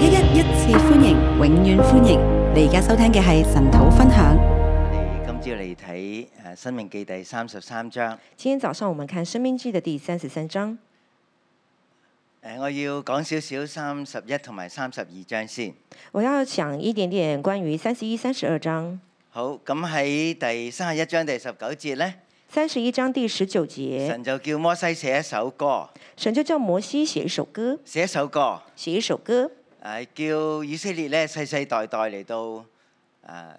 一一一次歡迎，永遠歡迎！你而家收聽嘅係神土分享。我哋今朝嚟睇誒《申命記》第三十三章。今天早上我們看《申命記》的第三十三章。誒，我要講少少三十一同埋三十二章先。我要講一點點關於三十一、三十二章。好，咁喺第三十一章第十九節呢，三十一章第十九節，神就叫摩西寫一首歌。神就叫摩西寫一首歌。寫一首歌。寫一首歌。誒、啊，叫以色列咧，世世代代嚟到誒、啊、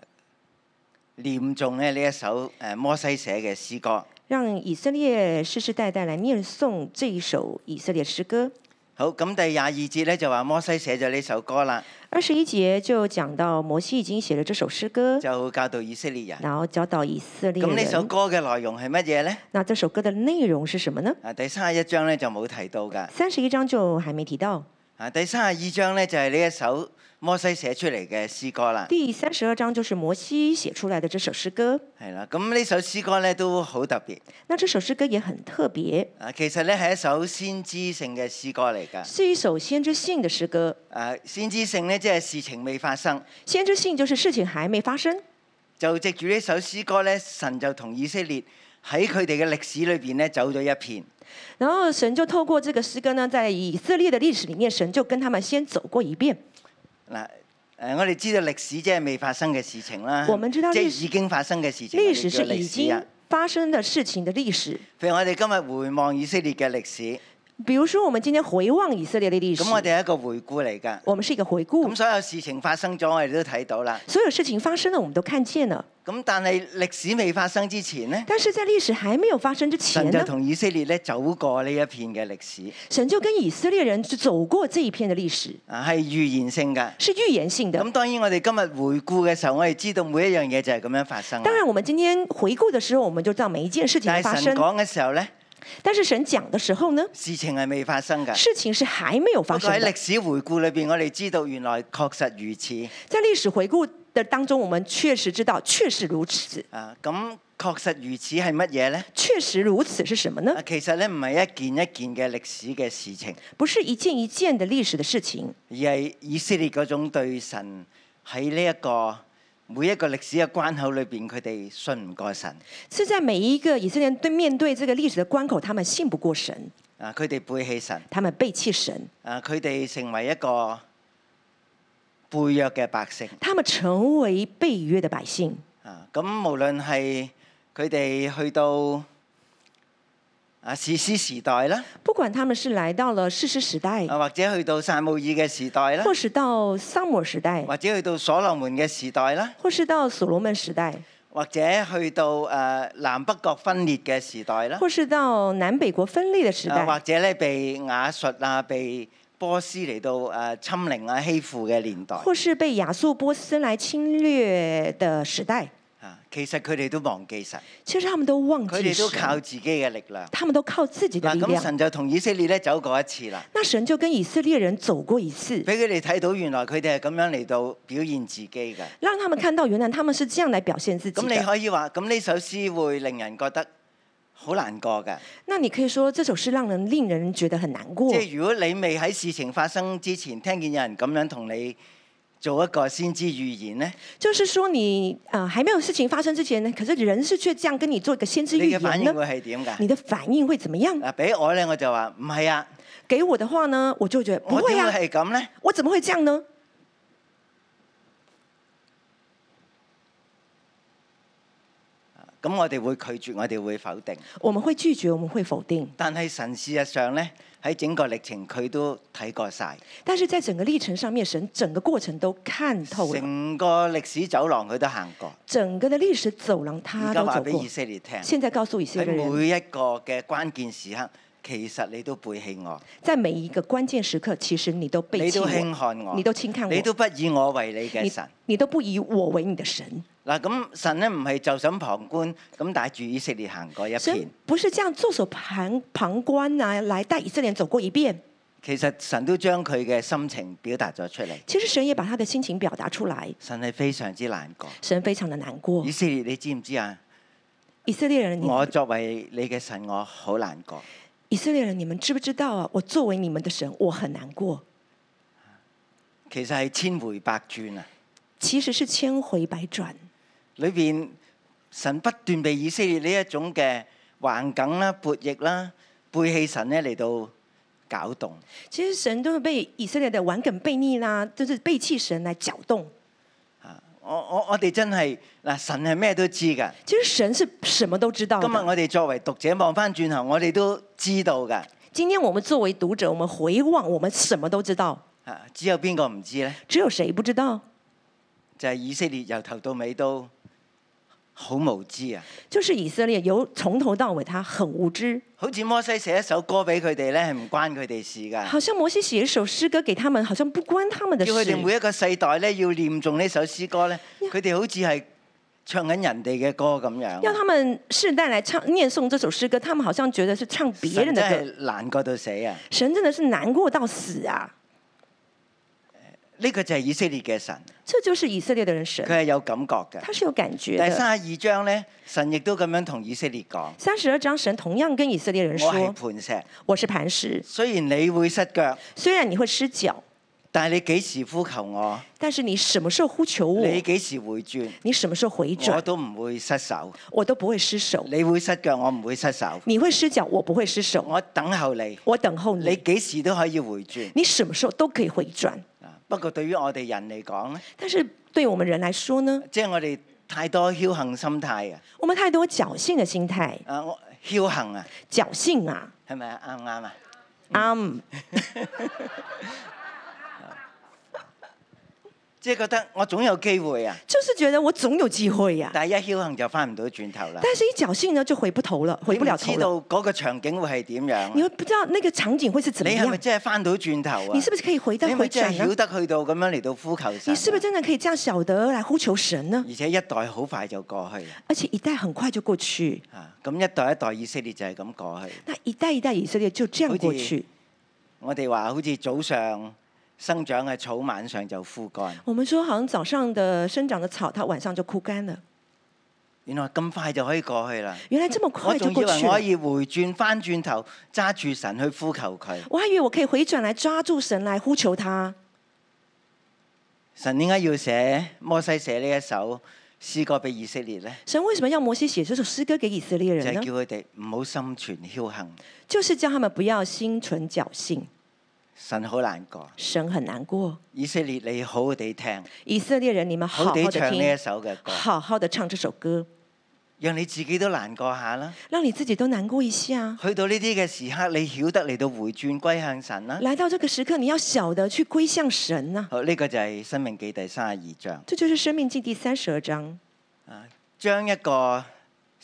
念誦咧呢一首誒、啊、摩西寫嘅詩歌。讓以色列世世代代嚟念誦這一首以色列詩歌。好，咁第廿二節咧就話摩西寫咗呢首歌啦。二十一節就講到摩西已經寫了這首詩歌。就教導以色列人。然後教導以色列。咁呢首歌嘅內容係乜嘢咧？嗱，這首歌嘅內，內容是什麼呢？啊，第三十一章咧就冇提到噶。三十一章就還沒提到。啊，第三十二章咧就係呢一首摩西寫出嚟嘅詩歌啦。第三十二章就是摩西寫出來的這首詩歌。係啦，咁呢首詩歌咧都好特別。那這首詩歌也很特別。啊，其實咧係一首先知性嘅詩歌嚟噶。是一首先知性的詩歌。誒，先知性咧即係事情未發生。先知性就是事情還未發生。就藉住呢首詩歌咧，神就同以色列喺佢哋嘅歷史裏邊咧走咗一片。然後神就透過這個詩歌呢，在以色列的歷史裏面，神就跟他們先走過一遍。嗱，誒，我哋知道歷史即係未發生嘅事情啦，我們知道即係已經發生嘅事情。歷史是已經發生的事情的歷史。譬如我哋今日回望以色列嘅歷史。.比如說，我們今天回望以色列的歷史。咁我哋係一個回顧嚟噶。我們是一個回顧。咁所有事情發生咗，我哋都睇到啦。所有事情發生了，我們都看見啦。咁但係歷史未發生之前呢？但是在歷史還沒有發生之前，神就同以色列咧走過呢一片嘅歷史。神就跟以色列人就走過這一片嘅歷史。啊，係預言性噶。是預言性的。咁當然我哋今日回顧嘅時候，我哋知道每一樣嘢就係咁樣發生。當然，我們今天回顧嘅時候，我們就知道每一件事情發生。但係神講嘅時候咧？但是神講的時候呢？事情係未發生㗎。事情是還沒有發生。喺歷史回顧裏邊，我哋知道原來確實如此。在歷史回顧的當中，我們確實知道確實如此。啊、咁、嗯、確實如此係乜嘢呢？確實如此是什麼呢？啊、其實呢，唔係一件一件嘅歷史嘅事情，不是一件一件的歷史嘅事情，而係以色列嗰種對神喺呢一個。每一個歷史嘅關口裏邊，佢哋信唔過神。是在每一個以色列人面對這個歷史嘅關口，他們信不過神。啊，佢哋背棄神。他們背棄神。啊，佢哋成為一個背約嘅百姓。他們成為背約的百姓。啊，咁無論係佢哋去到。啊！士師時代啦，不管他們是來到了士師時代，或者去到撒母耳嘅時代啦，或是到撒母耳時代，或者去到所羅門嘅時代啦，或是到所羅門時代，或者去到誒南北國分裂嘅時代啦，或是到南北國分裂嘅時代，或者咧被亞述啊、被波斯嚟到誒侵凌啊、欺負嘅年代，或是被亞述波斯來侵略嘅時代。其實佢哋都忘記神，其實他們都忘記神，佢哋都靠自己嘅力量，他們都靠自己嘅力量。咁神就同以色列咧走過一次啦。那神就跟以色列人走過一次，俾佢哋睇到原來佢哋係咁樣嚟到表現自己嘅，讓他們看到原來他們是這樣來表現自己。咁你可以話，咁呢首詩會令人覺得好難過嘅。那你可以說這首詩讓人令人覺得很難過。即係如果你未喺事情發生之前，聽見有人咁樣同你，做一個先知預言呢？就是說你啊、呃，還沒有事情發生之前呢，可是人是卻這樣跟你做一個先知預言呢？你的反應會係點㗎？你的反應會怎麼樣？啊，俾我呢，我就話唔係啊。給我的話呢，我就覺得不會啊。我點會係咁呢？我怎麼會這樣呢？咁我哋會拒絕，我哋會否定。我們會拒絕，我們會否定。但係神事實上呢，喺整個歷程佢都睇過晒。但是在整個歷程上面，神整個過程都看透。整個歷史走廊佢都行過。整個的歷史走廊，他都走過。而家話俾以色列聽。現在告訴以色列人。喺每一個嘅關鍵時刻，其實你都背棄我。在每一個關鍵時刻，其實你都背棄我。你都輕看我。你都輕看我。你都不以我為你嘅神。你都不以我為你的神。嗱，咁神咧唔係袖手旁觀，咁帶住以色列行過一遍。不是這樣袖手旁旁觀啊，來帶以色列走過一遍。其實神都將佢嘅心情表達咗出嚟。其實神也把他的心情表達出嚟。神係非常之難過。神非常的難過。以色列，你知唔知啊？以色列人，我作為你嘅神，我好難過。以色列人，你們知不知道啊？我作為你們的神，我很難過。其實係千回百轉啊。其實是千回百轉。裏邊神不斷被以色列呢一種嘅橫梗啦、勃逆啦、背棄神咧嚟到攪動。其實神都是被以色列嘅玩梗背逆啦，就是背棄神來攪動。啊，我我我哋真係嗱，神係咩都知噶。其實神是什麼都知道。今日我哋作為讀者望翻轉頭，我哋都知道噶。今天我們作為讀者，我們回望，我們什麼都知道。啊，只有邊個唔知咧？只有誰不知道？就係以色列由頭到尾都。好無知啊！就是以色列由從頭到尾他，他很無知。好似摩西寫一首歌俾佢哋咧，係唔關佢哋事噶。好像摩西寫一首詩歌給他們，好像不關他們的事。叫佢哋每一個世代咧要念誦呢首詩歌咧，佢哋好似係唱緊人哋嘅歌咁樣。要他們世代來唱念誦這首詩歌，他們好像覺得是唱別人的。神真的是難過到死啊！神真的是難過到死啊！呢個就係以色列嘅神，這就是以色列嘅人神。佢係有感覺嘅，他是有感覺。第三十二章咧，神亦都咁樣同以色列講。三十二章神同樣跟以色列人說，我係磐石，我是磐石。雖然你會失腳，雖然你會失腳，但係你幾時呼求我？但是你什麼時候呼求我？你幾時回轉？你什麼時候回轉？我都唔會失手，我都不會失手。你會失腳，我唔會失手。你會失腳，我不會失手。我等候你，我等候你。你幾時都可以回轉？你什麼時候都可以回轉？不過對於我哋人嚟講咧，但是對我們人來說呢？即、就、係、是、我哋太多僥幸心態嘅、啊，我們太多僥幸嘅心態。誒、啊，僥幸啊，僥幸啊，係咪啊？啱唔啱啊？啱、嗯。Um. 即、就、係、是、覺得我總有機會啊！就是覺得我總有機會啊。但係一僥幸就翻唔到轉頭啦！但是一僥幸呢就回不頭了，回不了頭。知道嗰個場景會係點樣？你又不知道那個場景會是怎麼樣、啊、樣？你係咪即係翻到轉頭啊？你是不是可以回得回轉？你真係曉得去到咁樣嚟到呼求神？你是不是真正、啊、可以這樣曉得來呼求神呢？而且一代好快就過去。而且一代很快就過去。啊、嗯，咁一代一代以色列就係咁過去。那一代一代以色列就這樣過去。我哋話好似早上。生長嘅草晚上就枯乾。我們說，好像早上的生長的草，它晚上就枯乾了。原來咁快就可以過去啦。原來這麼快就過去，我仲以為可以回轉翻轉，轉頭揸住神去呼求佢。我還以為我可以回轉來抓住神來呼求他。神點解要寫摩西寫呢一首詩歌俾以色列呢？神為什麼要摩西寫這首詩歌給以色列人呢？就係叫佢哋唔好心存僥倖。就是叫他們不要心存僥倖。神好難過，神很難過。以色列，你好好地聽。以色列人，你們好好地唱呢一首嘅歌，好好的唱這首歌，讓你自己都難過下啦。讓你自己都難過一下、啊。去到呢啲嘅時刻，你曉得嚟到回轉歸向神啦、啊。來到這個時刻，你要曉得去歸向神啊。好，呢、這個就係《申命記》第三十二章。這就是《申命記》第三十二章。啊，將一個。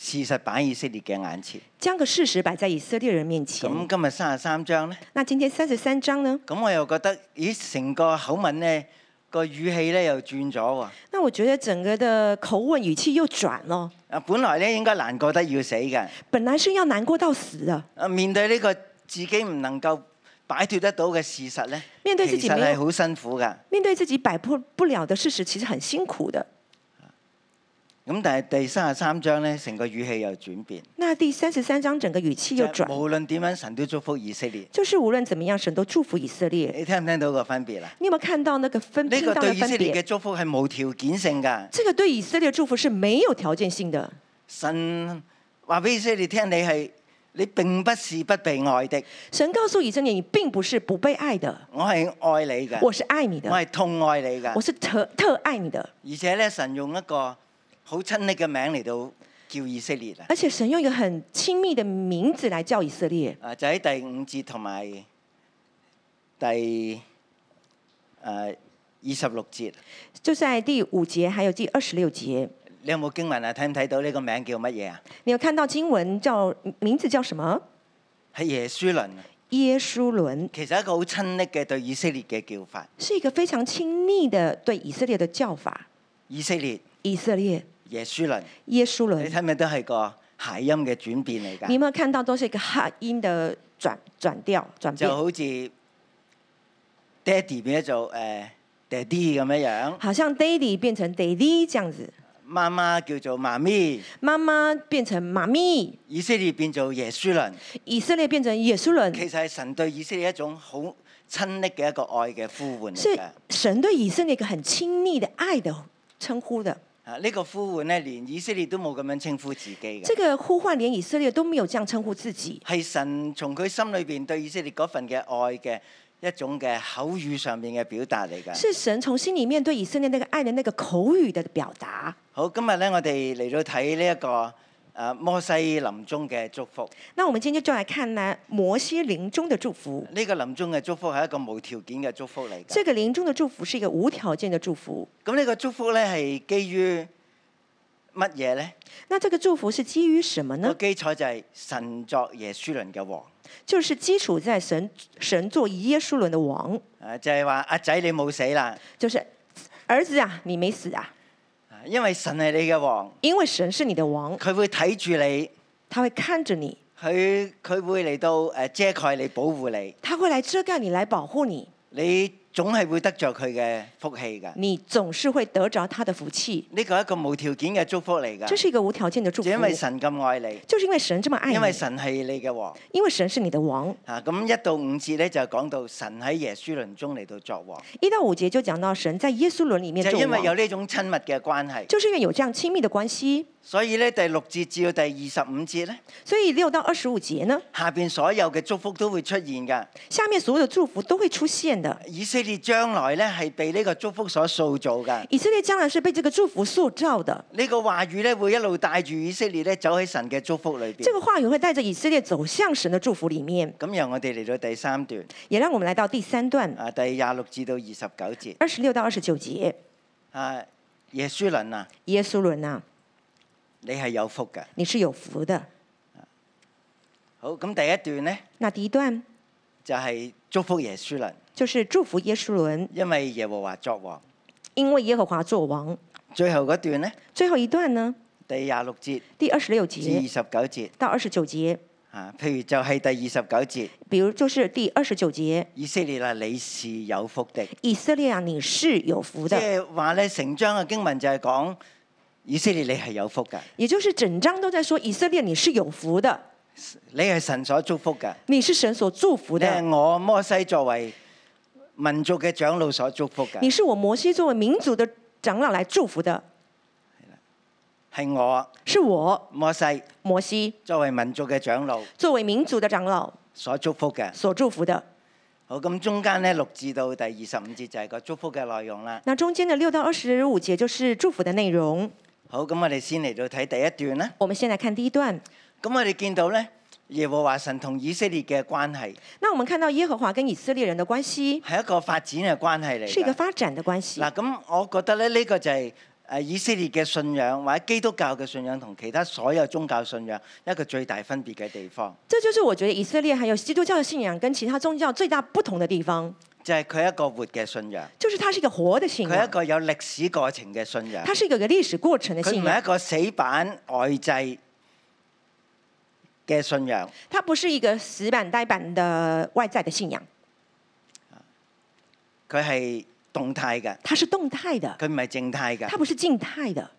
事實擺以色列嘅眼前，將個事實擺在以色列人面前。咁今日三十三章呢？那今天三十三章呢？咁我又覺得，咦，成個口吻呢，個語氣咧又轉咗喎。那我覺得整個的口吻語氣又轉咯。啊，本來咧應該難過得要死㗎。本來是要難過到死嘅。啊，面對呢個自己唔能夠擺脱得到嘅事實咧，面對自己其實係好辛苦㗎。面對自己擺脱不了嘅事實，其實很辛苦嘅。咁但係第三十三章咧，成個語氣又轉變。那第三十三章整個語氣又轉。就是、無論點樣，神都祝福以色列。就是無論怎麼樣，神都祝福以色列。你聽唔聽到個分別啊？你有冇看到那個分？聽到分別。呢個對以色列嘅祝福係無條件性噶這個對以色列，祝福，無、這個、以色列祝福是沒有條件性的。神話俾以色列聽，你係你並不是不被愛的。神告訴以色列，你並不是不被愛的。我係愛你嘅。我是愛你的。我係痛愛你嘅。我是特特愛你的。而且咧，神用一個。好親昵嘅名嚟到叫以色列啊，就就有有啊！而且神用一個很親密嘅名字嚟叫以色列。啊，就喺第五節同埋第誒二十六節。就在第五節，還有第二十六節。你有冇經文啊？睇唔睇到呢個名叫乜嘢啊？你有看到經文叫名字叫什麼？係耶書倫。耶書倫。其實一個好親昵嘅對以色列嘅叫法。是一個非常親密嘅對以色列嘅叫法。以色列。以色列。耶書倫，耶書倫，你睇咪都係個諧音嘅轉變嚟噶。你有冇有看到都是一個諧音嘅轉轉調轉變？就好似爹哋變咗誒爹哋咁樣樣。好像爹哋變成爹哋這樣子。媽媽叫做媽咪，媽媽變成媽咪。以色列變做耶書倫，以色列變成耶書倫。其實係神對以色列一種好親昵嘅一個愛嘅呼喚嚟嘅。神對以色列一個很親昵嘅愛的稱呼的。呢個呼喚咧，連以色列都冇咁樣稱呼自己。這個呼喚連以色列都沒有這樣稱呼自己。係神從佢心裏邊對以色列嗰份嘅愛嘅一種嘅口語上面嘅表達嚟㗎。是神從心裏面對以色列那個愛的那個口語的表達。好，今日咧，我哋嚟到睇呢一個。誒、啊，摩西臨終嘅祝福。那我們今天就來看呢摩西臨終的祝福。呢個臨終嘅祝福係一個無條件嘅祝福嚟，嘅。這個臨終嘅祝福是一個無條件嘅祝福的。咁、這、呢個祝福咧係基於乜嘢咧？那這個祝福是基於什麼呢？基礎就係神作耶書崙嘅王。就是基礎在神神作耶書崙嘅王。誒，就係話阿仔你冇死啦。就是兒子,、就是，兒子啊，你沒死啊。因為神係你嘅王，因為神是你的王，佢會睇住你，他會看着你，佢佢會嚟到誒、啊、遮蓋你保護你，他會來遮蓋你來保護你，你。總係會得着佢嘅福氣噶。你總是會得着他的福氣。呢個係一個無條件嘅祝福嚟噶。這是一個無條件的祝福。因為神咁愛你。就是因為神這麼愛你。因為神係你嘅王。因為神是你的王。啊，咁一到五節咧就講到神喺耶穌論中嚟到作王。一到五節就講到神在耶穌論裏面，就因為有呢種親密嘅關係。就是因為有這，親、就是、有這樣親密嘅關係。所以咧第六節至到第二十五節咧。所以六到二十五節呢？下邊所有嘅祝福都會出現噶。下面所有嘅祝福都會出現的。以色列將來咧係被呢個祝福所塑造噶。以色列將來是被這個祝福塑造的。呢、這個話語咧會一路帶住以色列咧走喺神嘅祝福裏邊。這個話語會帶着以色列走向神嘅祝福裏面。咁由我哋嚟到第三段。也讓我們來到第三段。啊，第廿六至到二十九節。二十六到二十九節。啊，耶書倫啊，耶書倫啊，你係有福嘅。你是有福的。福的啊、好，咁第一段呢？嗱，第二段就係、是、祝福耶書倫。就是祝福耶書倫，因為耶和華作王，因為耶和華作王。最後嗰段呢？最後一段呢？第廿六節、第二十六節、二十九節到二十九節啊，譬如就係第二十九節，比如就是第二十九節，以色列啊，你是有福的，以色列啊，你是有福的。即係話咧，成章嘅經文就係講以色列你係有福嘅，也就是整章都在說以色列你是有福的，你係神所祝福嘅，你是神所祝福嘅。我摩西作為，民族嘅長老所祝福嘅，你是我摩西作為民族的長老來祝福的，係我，是我摩西，摩西作為民族嘅長老，作為民族嘅長老所祝福嘅，所祝福的。好，咁中間呢，六至到第二十五節就係個祝福嘅內容啦。那中間的六到二十五節就是祝福的內容。好，咁我哋先嚟到睇第一段啦。我們先來看第一段，咁我哋見到咧。耶和華神同以色列嘅關係。那我們看到耶和華跟以色列人的關係，係一個發展嘅關係嚟嘅。是一個發展的關係。嗱咁，我覺得咧呢、這個就係誒以色列嘅信仰或者基督教嘅信仰同其他所有宗教信仰一個最大分別嘅地方。這就是我覺得以色列還有基督教嘅信仰跟其他宗教最大不同的地方。就係、是、佢一個活嘅信仰。就是它是一個活的信仰。佢一個有歷史過程嘅信仰。它是一個歷史過程嘅信仰。佢唔係一個死板呆滯嘅信仰，它不是一個死板呆板的外在的信仰，佢係動態嘅，它是動態的，佢唔係靜態嘅，它不是靜態的。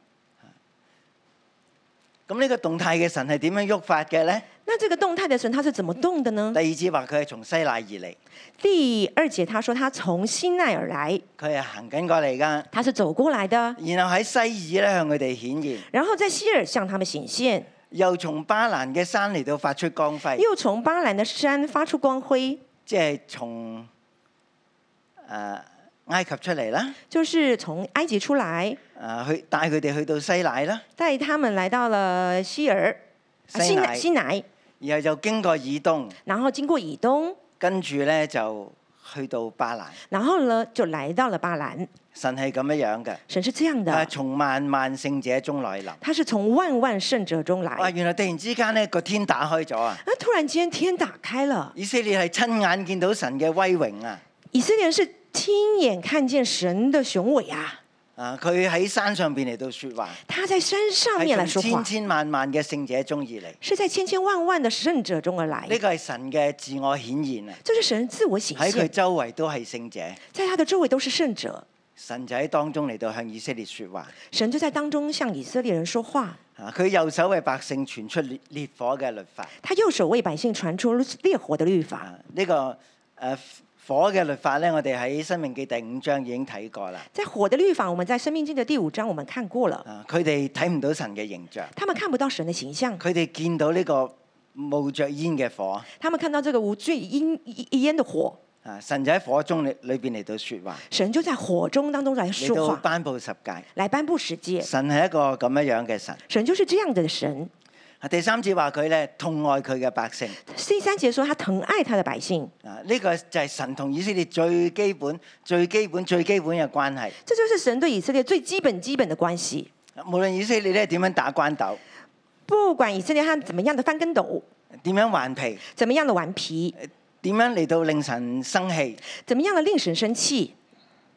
咁呢個動態嘅神係點樣喐法嘅咧？那這個動態的神的，它是怎麼動的呢？第二節話佢係從西奈而嚟，第二節他說他從西奈而來，佢係行緊過嚟噶，他是走過來的，然後喺西爾咧向佢哋顯現，然後在希爾向他們顯現。又從巴蘭嘅山嚟到發出光輝，又從巴蘭的山發出光輝，即係從埃及出嚟啦，就是從埃及出嚟，誒、啊、去帶佢哋去到西奈啦，帶他們嚟到了西爾，西奈，西奈，然後就經過以東，然後經過以東，跟住咧就。去到巴蘭，然後呢就來到了巴蘭。神係咁樣樣嘅，神是這樣的。啊，從萬萬聖者中來臨。他是從萬萬聖者中來。哇！原來突然之間呢個天打開咗啊！啊！突然間天打開了，以色列係親眼見到神嘅威榮啊！以色列是親眼看見神的雄偉啊！啊！佢喺山上邊嚟到說話。他在山上面來說話。千千萬萬嘅聖者中意你，是在千千萬萬的聖者中而來。呢、這個係神嘅自我顯現啊！就是神自我顯現。喺佢周圍都係聖者。在他嘅周圍都是聖者。神就喺當中嚟到向以色列說話。神就在當中向以色列人說話。啊！佢右手為百姓傳出烈烈火嘅律法。他右手為百姓傳出烈火的律法。呢、啊這個誒。Uh, 火嘅律法咧，我哋喺《生命記》第五章已經睇過啦。在火的律法，我們在《生命記》嘅第五章我們看過了。佢哋睇唔到神嘅形象。他們看不到神的形象。佢哋見到呢個冒着煙嘅火。他們看到這個冒着煙煙的火。啊！神就喺火中裏裏邊嚟到説話。神就在火中當中嚟説話。嚟到頒布十誡，嚟頒布十誡。神係一個咁樣樣嘅神。神就是這樣子嘅神。第三節話佢咧痛愛佢嘅百姓。第三節說他疼愛他的百姓。啊，呢、這個就係神同以色列最基本、最基本、最基本嘅關係。這就是神對以色列最基本、基本的關係。啊、無論以色列咧點樣打關斗，不管以色列他怎麼樣的翻跟斗，點樣頑皮，怎麼樣的頑皮，點、啊、樣嚟到令神生氣，怎麼樣的令神生氣，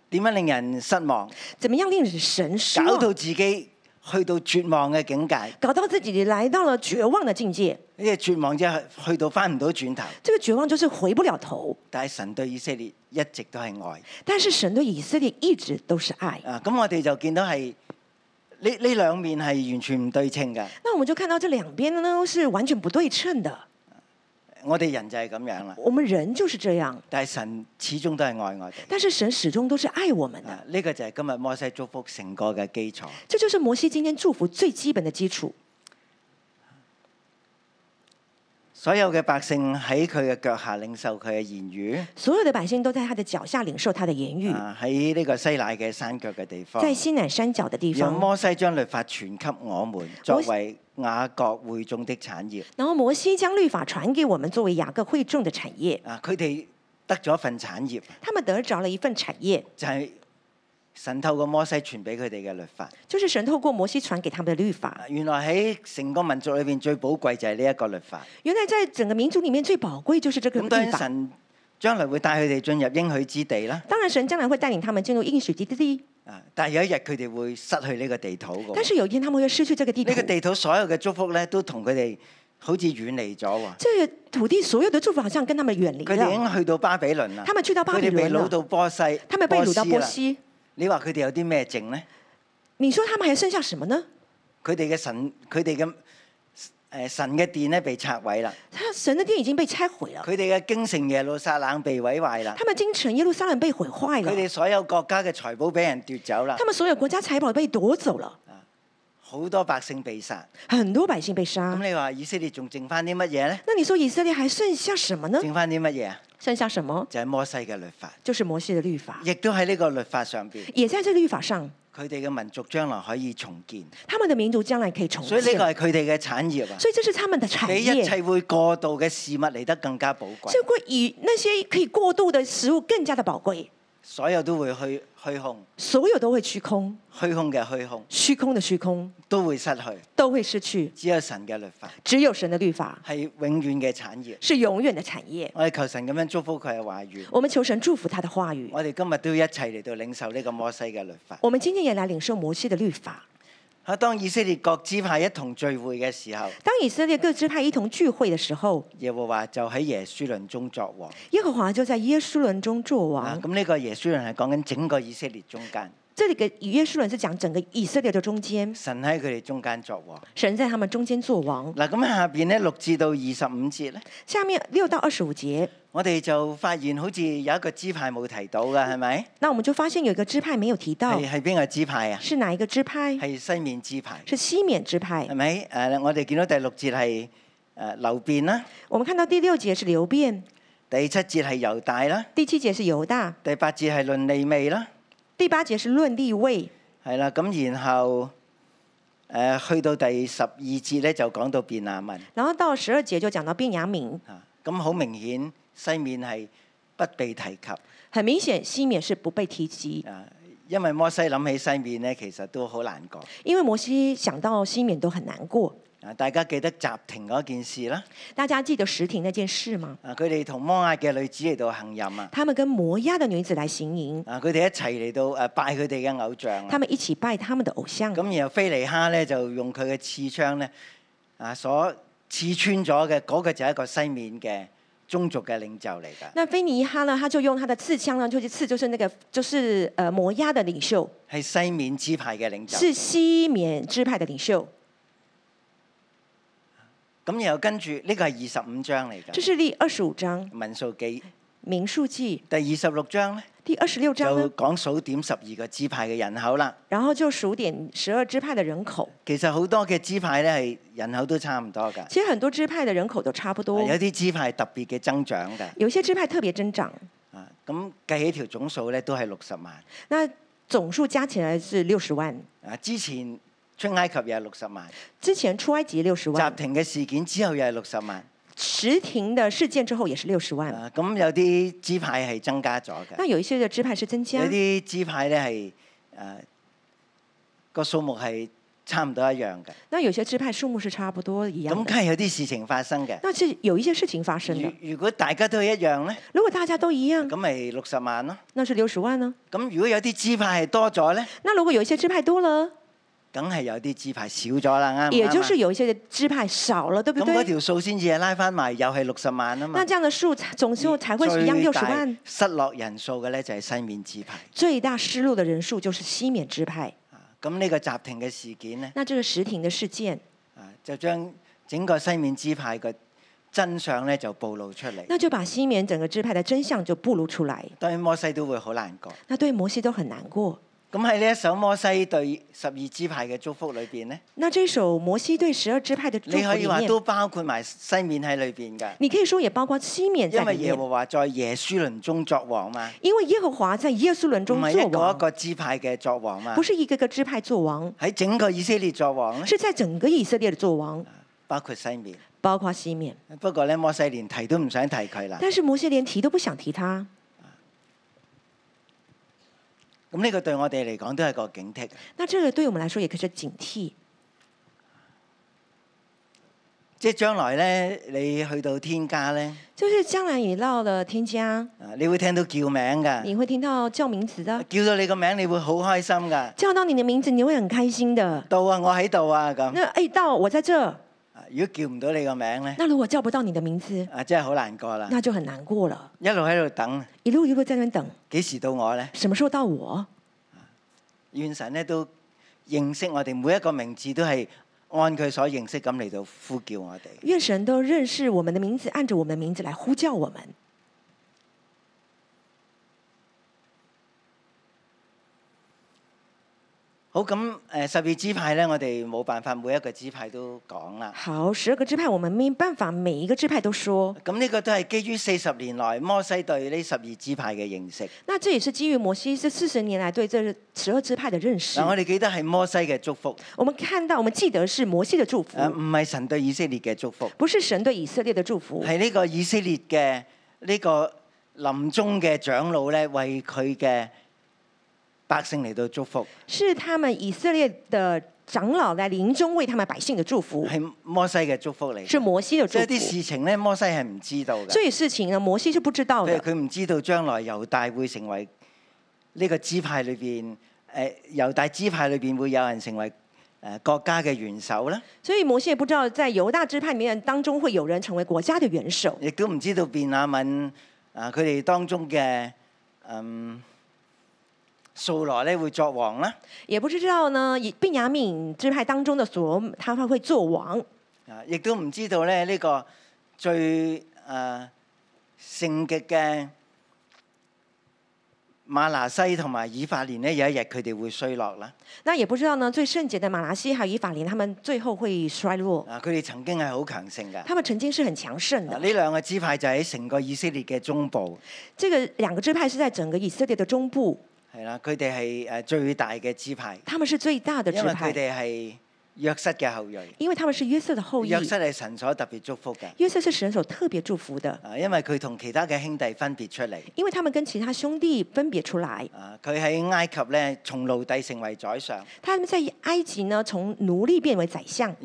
點樣令人失望，怎麼樣令神搞到自己。去到絕望嘅境界，搞到自己嚟到了絕望嘅境界。呢個絕望即係去到返唔到轉頭。這個絕望就是回不了頭。但係神對以色列一直都係愛。但是神對以色列一直都是愛。啊，咁我哋就見到係呢呢兩面係完全唔對稱嘅。那我們就看到這兩邊呢是完全不對稱的。我哋人就係咁樣啦。我們人就是這樣，但係神始終都係愛我。但是神始終都是愛我們的。呢個啊，這個就係今日摩西祝福成個嘅基礎，這就是摩西今天祝福最基本嘅基礎。所有嘅百姓喺佢嘅腳下領受佢嘅言語。所有的百姓都在他嘅腳下領受他嘅言語。喺、啊、呢個西奈嘅山腳嘅地方。在西南山腳嘅地方。摩西將律法傳給我們，作為雅各會眾的產業。然後摩西將律法傳給我們，作為雅各會眾的產業。啊，佢哋得咗一份產業。他們得着了一份產業。就係、是。神透過摩西傳俾佢哋嘅律法，就是神透過摩西傳給佢哋嘅律法。原來喺成個民族裏邊最寶貴就係呢一個律法。原來在整個民族裏面最寶貴就是呢個律法。咁當然神將來會帶佢哋進入應許之地啦。當然神將來會帶領他們進入應許之地。但係有一日佢哋會失去呢個地土。但是有一天他們會失去這個地土，呢、這個地土所有嘅祝福咧都同佢哋好似遠離咗。即係土地所有嘅祝福，好像跟他們遠離。佢哋已經去到巴比倫啦。他們去到巴比倫啦。被擄到波西，他們被擄到波西。波西你話佢哋有啲咩剩咧？你說他們還剩下什麼呢？佢哋嘅神，佢哋嘅誒神嘅殿咧被拆毀啦。神嘅殿已經被拆毀啦。佢哋嘅京城耶路撒冷被毀壞啦。他們的京城耶路撒冷被毀壞了。佢哋所有國家嘅財寶俾人奪走啦。他們所有國家財寶被奪走了。 好多百姓被殺，很多百姓被殺。咁你話以色列仲剩翻啲乜嘢咧？那你說以色列還剩下什麼呢？剩翻啲乜嘢啊？剩下什麼？就係、是、摩西嘅律法，就是摩西的律法，亦都喺呢個律法上邊，也在這個律法上，佢哋嘅民族將來可以重建，他們的民族將來可以重建。所以呢個係佢哋嘅產業啊。所以這是他們的產業。比一切會過度嘅事物嚟得更加寶貴，就會以那些可以過度嘅事物更加的寶貴。所有都會虛虛空，所有都會虛空，虛空嘅虛空，虛空嘅虛空，都會失去，都會失去，只有神嘅律法，只有神嘅律法，係永遠嘅產業，是永遠嘅產業。我哋求神咁樣祝福佢嘅話語，我哋求神祝福佢嘅話語。我哋今日都要一齊嚟到領受呢個摩西嘅律法，我哋今天也來領受摩西嘅律法。當當當以色列各支派一同聚會嘅時候，當以色列各支派一同聚會的時候，耶和華就喺耶書倫中作王。耶和華就在耶書倫中作王。咁，啊，呢個耶書倫係講緊整個以色列中間。這裏嘅約書人是講整個以色列嘅中間，神喺佢哋中間作王，神在他們中間作王。嗱咁下邊呢，六至到二十五節咧，下面六到二十五節，我哋就發現好似有一個支派冇提到嘅，係咪？那我們就發現有一個支派沒有提到，係邊個支派啊？是哪一個支派？係西緬支派。是西緬支派，係咪？誒，我哋見到第六節係誒流便啦。我們看到第六節是流便，第七節係猶大啦。第七節是猶大，第八節係倫利未啦。第八節是論立位，係啦，咁然後誒去到第十二節咧就講到便雅憫，然後到十二節就講到便雅憫。咁好明顯西面係不被提及，很明顯西面是不被提及。啊，因為摩西諗起西面咧其實都好難講，因為摩西想到西面都很難過。啊！大家記得集停嗰件事啦。大家記得十停那件事嗎？啊！佢哋同摩押嘅女子嚟到行淫啊。佢哋跟摩押嘅女子嚟行淫。啊！佢哋一齊嚟到啊，拜佢哋嘅偶像。佢哋一起拜他們嘅偶像。咁然後菲尼哈咧就用佢嘅刺槍咧啊，所刺穿咗嘅嗰個就係一個西面嘅宗族嘅領袖嚟噶。那菲尼哈呢，他就用他嘅刺槍呢，就去、是、刺，就是那個，就是誒摩押嘅領袖。係西面支派嘅領袖。是西面支派嘅領袖。咁然後跟住呢個係二十五章嚟㗎。這是第二十五章。民數記。民數記。第二十六章咧？第二十六章咧？就講數點十二個支派嘅人口啦。然後就數點十二支派嘅人口。其實好多嘅支派咧係人口都差唔多㗎。其實很多支派嘅人口都差不多。有啲支派特別嘅增長㗎。有些支派特別增，增長。啊，咁計起條總數咧都係六十萬。那總數加起來是六十萬。啊，之前。出埃及又係六十萬。之前出埃及六十萬。集停嘅事件之後又係六十萬。時停嘅事件之後也是六十萬。咁有啲支派係增加咗嘅。那有一些嘅支派是增加。有啲支派咧係誒個數目係差唔多一樣嘅。那有些支派數目是差不多一樣。咁梗係有啲事情發生嘅。那是有一些事情發生。如如果大家都一樣呢？如果大家都一樣？咁咪六十萬咯。那是六十萬咯。咁如果有啲支派係多咗呢？那如果有一些支派多了？梗係有啲支派少咗啦，啱唔啱？也就是有一些支派少了，對不對？咁嗰條數先至係拉翻埋，又係六十萬啊嘛。那這樣嘅數總數才會一樣六十萬。失落人數嘅咧就係西面支派。最大失落嘅人數就是西面支派。啊，咁呢個集停嘅事件呢，那就是時停嘅事件。啊，就將整個西面支派嘅真相咧就暴露出嚟。那就把西面整個支派嘅真相就暴露出來。對摩西都會好難過。那對摩西都很難過。咁喺呢一首摩西對十二支派嘅祝福裏邊呢，那在這首摩西對十二支派嘅祝福的，你可以話都包括埋西面喺裏邊嘅。你可以說也包括西面。因為耶和華在耶書倫中作王嘛。因為耶和華在耶書倫中。唔係一個個支派嘅作王嘛。不是一個個支派作王。喺整個以色列作王咧。是在整個以色列嘅作王，包括西面。包括西面。不過咧，摩西連提都唔想提佢啦。但是摩西連提都不想提他。咁呢個對我哋嚟講都係個警惕。那這個對我們來說亦就是警惕。即係將來咧，你去到天家咧。就是將來你到了天家。啊，你會聽到叫名噶。你會聽到叫名字啊，叫到你個名，你會好開心噶。叫到你嘅名字，你會很開心的。到啊，我喺度啊咁。誒，哎，到我在這。如果叫唔到你個名呢？那如果叫不到你的名字，啊真係好難過啦，那就很難過了。一路喺度等，一路一路在那等，幾時到我呢？什麼時候到我？願神呢，都認識我哋每一個名字，都係按佢所認識咁嚟到呼叫我哋。願神都認識我們的名字，按着我們的名字來呼叫我們。好，咁誒，十二支派咧，我哋冇辦法每一個支派都講啦。好，十二個支派，我們冇辦法每一個支派都說。咁呢個都係基於四十年來摩西對呢十二支派嘅認識。那這也是基於摩西這四十年來對這十二支派嘅認識。我哋記得係摩西嘅祝福。我們看到，我們記得是摩西的祝福。誒、呃，唔係神對以色列嘅祝福。不是神對以色列的祝福。係呢個以色列嘅呢、呢個臨終嘅長老咧，為佢嘅百姓嚟到祝福，是他們以色列的長老在臨終為他們百姓嘅祝福，係摩西嘅祝福嚟。是摩西嘅祝福。即係啲事情咧，摩西係唔知道嘅。所以事情啊，摩西是不知道嘅。佢唔知，知道將來猶大會成為呢個支派裏邊誒、呃，猶大支派裏邊會有人成為誒、呃、國家嘅元首啦。所以摩西也不知道在猶大支派裡面當中會有人成為國家嘅元首，亦都唔知道便雅憫啊佢哋當中嘅嗯。掃羅咧會作王啦，也不知道呢，便雅憫支派當中的掃羅，他會會作王啊！亦都唔知道咧，呢、這個最誒聖潔嘅馬拿西同埋以法蓮呢，有一日佢哋會衰落啦。那也不知道呢，最聖潔嘅馬拿西還有以法蓮，他們最後會衰落啊！佢哋曾經係好強盛噶，他們曾經是很強盛的。呢、啊、兩個支派就喺成個以色列嘅中部。這個兩個支派是在整個以色列嘅中部。係啦，佢哋係誒最大嘅支派。他們是最大的支派。因為佢哋係約瑟嘅後裔。因為他們是約瑟的後裔。約瑟係神所特別祝福嘅。約瑟是神所特別祝福的。啊，因為佢同其他嘅兄弟分別出嚟。因為他們跟其他兄弟分別出來。啊，佢喺埃及咧，從奴隸成為宰相。他們在埃及呢，從奴隸變為宰相。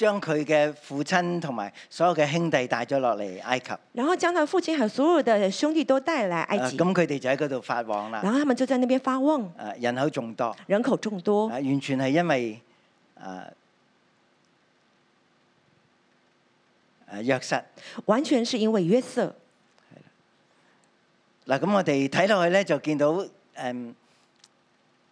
將佢嘅父親同埋所有嘅兄弟帶咗落嚟埃及，然後將佢父親和所有嘅兄弟都帶嚟埃及。咁佢哋就喺嗰度發旺啦。然後他們就在那邊發旺。誒、啊，人口眾多。人口眾多。啊，完全係因為誒誒約瑟，完全是因為約瑟。嗱、啊，咁、啊嗯、我哋睇落去咧就見到誒。嗯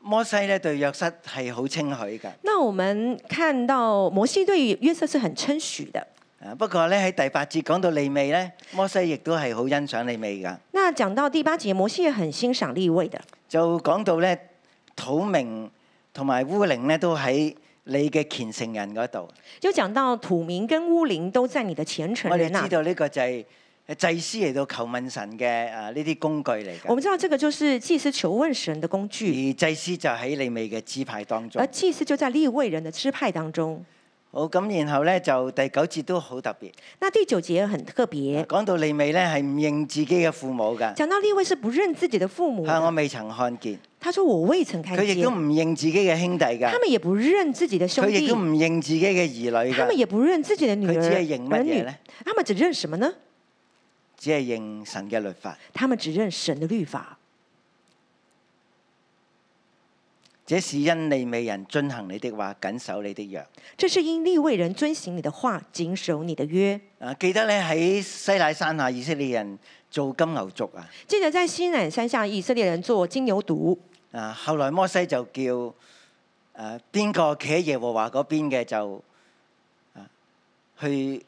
摩西咧，對約瑟係好稱許噶。那我們看到摩西對約瑟是很稱許的。啊，不過咧，喺第八節講到利未咧，摩西亦都係好欣賞利未噶。那講到第八節，摩西也很欣賞利未的。就講到咧，土明同埋烏陵咧，都喺你嘅虔誠人嗰度。就講到土明跟烏陵都在你嘅虔誠，到明的虔誠。我哋知道呢個就係、是。祭司嚟到求問神嘅啊呢啲工具嚟。我們知道這個就是祭司求問神嘅工具。而祭司就喺利未嘅支派當中。而祭司就在利未人的支派當中。好，咁然後咧就第九節都好特別。那第九節很特別。講到利未咧係唔認自己嘅父母噶。講到利未是不認自己嘅父母。我未曾看見。他說我未曾看見。佢亦都唔認自己嘅兄弟噶。他們也不認自己嘅兄弟。佢亦都唔認自己嘅兒女噶。他們也不認自己的女兒。佢只係認乜嘢咧？他們只認什麼呢？只係認神嘅律法，他們只認神的律法。這是因利未人遵行你的話，謹守你的約。這是因利未人遵行你的話，謹守你的約。啊，記得咧喺西奈山下以色列人做金牛族啊。記得在西奈山下以色列人做金牛犢。啊，後來摩西就叫誒邊、啊、個企喺耶和華嗰邊嘅就、啊、去誒、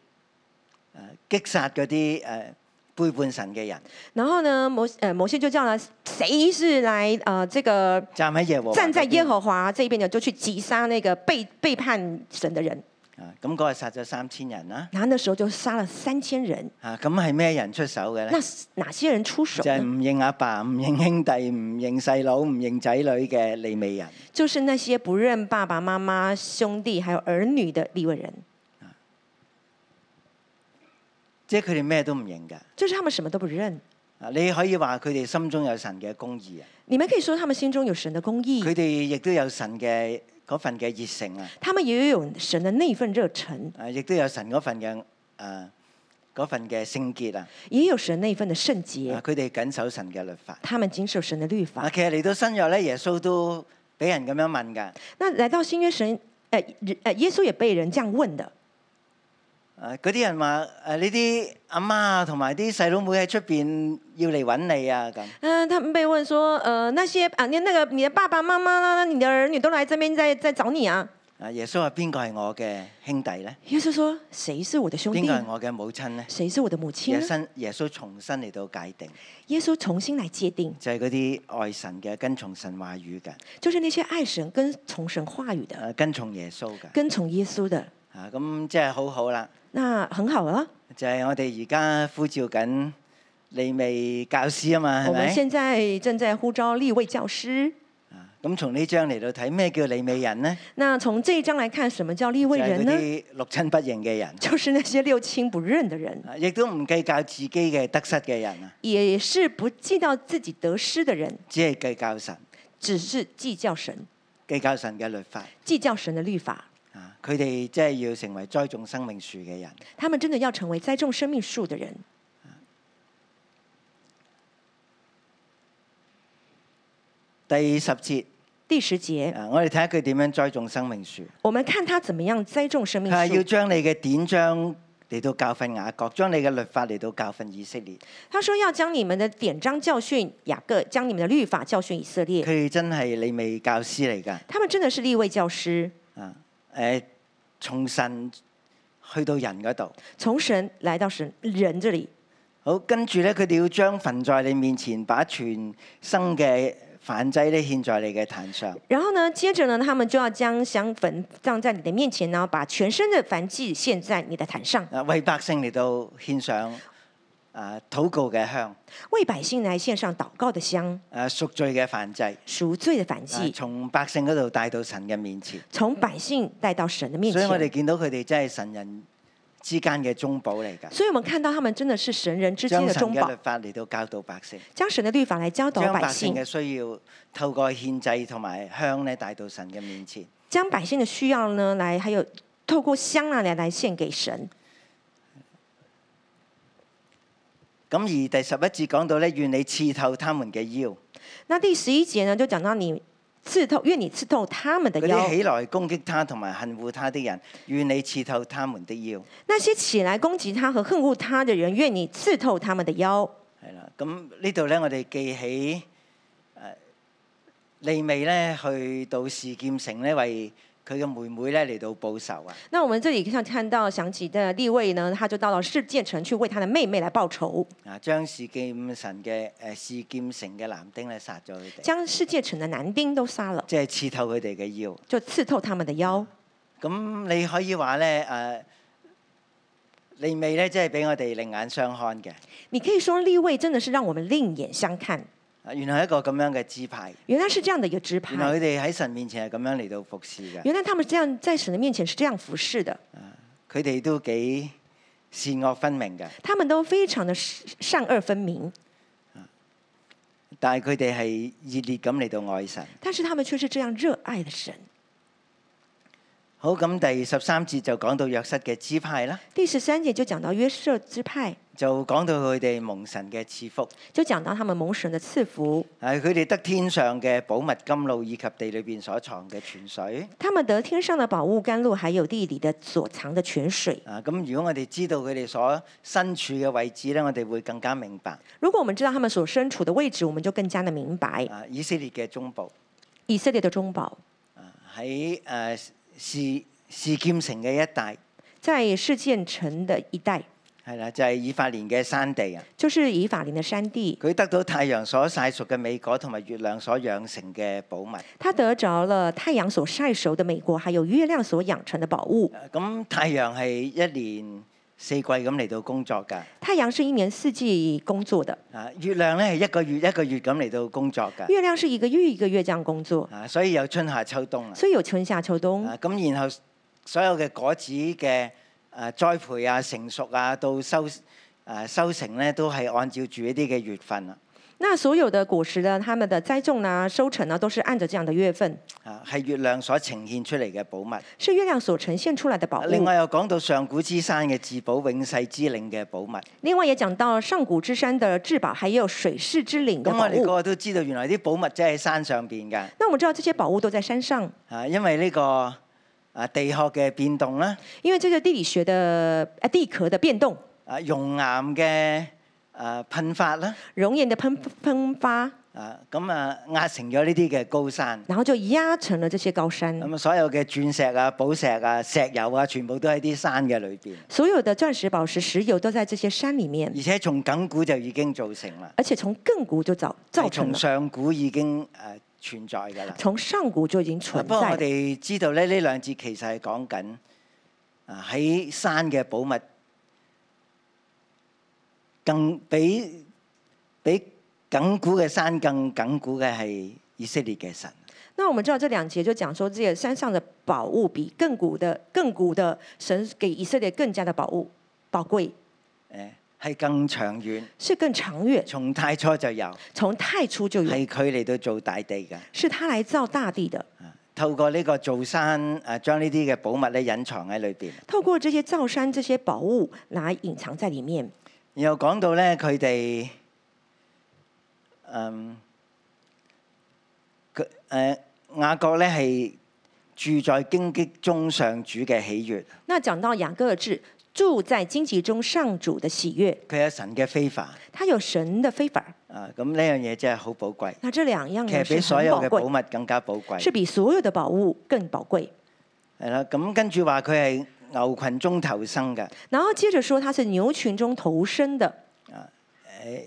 啊、擊殺嗰啲誒。啊。背叛神嘅人，然後呢？摩、呃，摩西就叫呢，誰是來誒、呃？這個站喺耶和華站在耶和華這邊嘅，就去擊殺那個背背叛神的人。啊，咁嗰日殺咗三千人啦、啊。然後那時候就殺了三千人。啊，咁係咩人出手嘅呢？那哪些人出手？就係、是、唔認阿爸，爸、唔認兄弟、唔認細佬、唔認仔女嘅利未人。就是那些不認爸爸媽媽、兄弟還有兒女的利未人。即係佢哋咩都唔認噶，就是他們什麼都不認。啊，你可以話佢哋心中有神嘅公義啊。你們可以說他們心中有神嘅公義。佢哋亦都有神嘅嗰份嘅熱誠啊。他們也有神嘅那份熱誠。啊，亦都有神嗰份嘅啊嗰份嘅聖潔啊。也有神那份嘅聖潔。佢哋謹守神嘅律法。他們謹守神的律法。啊，其實嚟到新約咧，耶穌都俾人咁樣問噶。那嚟到新約神誒誒，耶穌也被人這樣問的。啊！嗰啲人話誒，呢啲阿媽同埋啲細佬妹喺出邊要嚟搵你啊！咁嗯、啊，他們被問說：誒、呃，那些啊，你那個你的爸爸媽媽啦，你的兒女都來這邊再在，在找你啊！啊，耶穌話：邊個係我嘅兄弟咧？耶穌說：誰是我的兄弟呢？邊個係我嘅母親咧？誰是我的母親呢？新耶，耶穌重新嚟到界定。耶穌重新嚟界定，就係嗰啲愛神嘅跟從神話語嘅，就是那些愛神跟從神話語嘅，跟從耶穌嘅，跟從耶穌的，耶穌的啊，咁即係好好啦。那很好啊！就係、是、我哋而家呼召緊利未教師啊嘛，係咪？我們現在正在呼召利未教師。啊，咁從呢章嚟到睇咩叫利未人呢？那從這一章來看，什麼叫利未人呢？就是、六親不認嘅人。就是那些六親不認嘅人。亦、啊、都唔計較自己嘅得失嘅人啊。也是不計較自己得失嘅人。只係計較神。只是計較神。計較神嘅律法。計較神嘅律法。佢哋即係要成為栽種生命樹嘅人。他們真的要成為栽種生命樹的人。第十節。第十節。啊、我哋睇下佢點樣栽種生命樹。我們看他怎麼樣栽種生命樹。佢係要將你嘅典章嚟到教訓雅各，將你嘅律法嚟到教訓以色列。他說要將你們的典章教訓雅各，將你們的律法教訓以色列。佢真係呢位教師嚟噶。他們真的是這位教師。誒，從神去到人嗰度。從神來到神人這裡。好，跟住咧，佢哋要將焚在你面前，把全牲嘅燔祭咧獻在你嘅壇上。然後呢，接着呢，他們就要將香焚葬在你的面前，然後把全牲的燔祭獻在你的壇上。為百姓嚟到獻上。啊！禱告嘅香，為百姓嚟獻上禱告嘅香。啊！贖罪嘅凡祭，贖罪的凡祭，從、啊、百姓嗰度帶到神嘅面前。從百姓帶到神嘅面前。所以我哋見到佢哋真係神人之間嘅中寶嚟噶。所以我們看到他們真的是神人之間嘅中寶。將神嘅律法嚟到教導百姓。將神嘅律法嚟教導百姓。將百姓嘅需要透過獻祭同埋香咧帶到神嘅面前。將、嗯、百姓嘅需要呢，來還有透過香啊嚟嚟獻給神。咁而第十一節講到咧，願你刺透他們嘅腰。那第十一節呢就講到你刺透，願你刺透他們嘅腰。嗰啲起來攻擊他同埋恨惡他的人，願你刺透他們的腰。那些起來攻擊他和恨惡他的人，願你刺透他們的腰的。係啦，咁呢度咧，我哋記起誒利未咧去到示劍城呢為佢嘅妹妹咧嚟到報仇啊！那我們這裏像看到想起的利未呢，他就到了示劍城去為他的妹妹來報仇。啊，將、呃、示劍城嘅誒示劍城嘅男丁咧殺咗佢哋。將示劍城嘅男丁都殺咗，即係刺透佢哋嘅腰。就刺透他們嘅腰。咁、嗯、你可以話咧誒，利、呃、未咧即係俾我哋另眼相看嘅。你可以說利未真的是讓我們另眼相看。原來一個咁樣嘅支派，原來係這樣嘅一個支派。原來佢哋喺神面前係咁樣嚟到服侍嘅。原來他們這樣在神的面前是這樣服侍的。佢哋都幾善惡分明嘅。他們都非常的善惡分明。但係佢哋係熱烈咁嚟到愛神。但是他們卻是這樣熱愛的神。好咁，第十三節就講到約瑟嘅支派啦。第十三節就講到約瑟支派，就講到佢哋蒙神嘅賜福。就講到他們蒙神嘅賜福。係佢哋得天上嘅寶物甘露，以及地裏邊所藏嘅泉水。他們得天上嘅寶物甘露，還有地裏嘅所藏嘅泉水。啊，咁如果我哋知道佢哋所身處嘅位置咧，我哋會更加明白。如果我們知道他們所身處嘅位置，我們就更加的明白。啊，以色列嘅中部。以色列嘅中部。喺誒。是是劍城嘅一帶，代，係是劍城嘅一帶，係啦，就係以法蓮嘅山地啊，就是以法蓮嘅山地，佢、就是、得到太陽所曬熟嘅美果同埋月亮所養成嘅寶物，他得着了太陽所曬熟的美果，還有月亮所養成的寶物。咁、嗯嗯啊、太陽係一年。四季咁嚟到工作噶。太陽是一年四季工作的。啊，月亮咧係一個月一個月咁嚟到工作噶。月亮是一個月一個月這樣工作。啊，所以有春夏秋冬啦、啊。所以有春夏秋冬。啊，咁然後所有嘅果子嘅誒、啊、栽培啊、成熟啊、到收誒、啊、收成咧，都係按照住一啲嘅月份啦、啊。那所有的果實呢，他們的栽種呢、啊、收成呢、啊，都是按着這樣的月份。啊，係月亮所呈現出嚟嘅寶物。是月亮所呈現出來的寶物。另外又講到上古之山嘅至寶、永世之嶺嘅寶物。另外也講到上古之山的至寶，還有水勢之嶺。咁我哋個個都知道，原來啲寶物真係喺山上邊嘅。那我知道，這些寶物都在山上。啊，因為呢個啊地殼嘅變動啦。因為這個地理學的誒地殼的變動。啊，熔岩嘅。啊！噴發啦、啊，熔岩嘅噴噴發。啊，咁啊壓成咗呢啲嘅高山。然後就壓成咗這些高山。咁啊，所有嘅鑽石啊、寶石啊、石油啊，全部都喺啲山嘅裏邊。所有嘅鑽石、寶石、石油都喺這些山裡面。而且從亘古就已經造成啦。而且從亘古就就造成。從上古已經誒、啊、存在㗎啦。從上古就已經存在。啊、我哋知道咧，呢兩節其實係講緊啊喺山嘅寶物。更比比亘古嘅山更亘古嘅係以色列嘅神。那我們知道這兩節就講說，這個山上的寶物比亘古的亘古的神給以色列更加的寶物寶貴。係更長遠，是更長遠。從太初就有，從太初就有，係佢嚟到造大地嘅，是他來造大地的。透過呢個造山誒、啊，將呢啲嘅寶物咧隱藏喺裏邊。透過這些造山，這些寶物來隱藏在裏面。又講到咧，佢哋嗯佢誒雅各咧係住在荊棘中上主嘅喜悅。那講到雅各志，住在荊棘中上主嘅喜悅。佢有神嘅非法。他有神的非法。啊，咁呢樣嘢真係好寶貴。嗱，這兩樣嘢其實比所有嘅寶物更加寶貴。是比所有的寶物更寶貴。係啦，咁跟住話佢係。牛群中投生嘅，然後接着說他是牛群中投生的。啊，誒，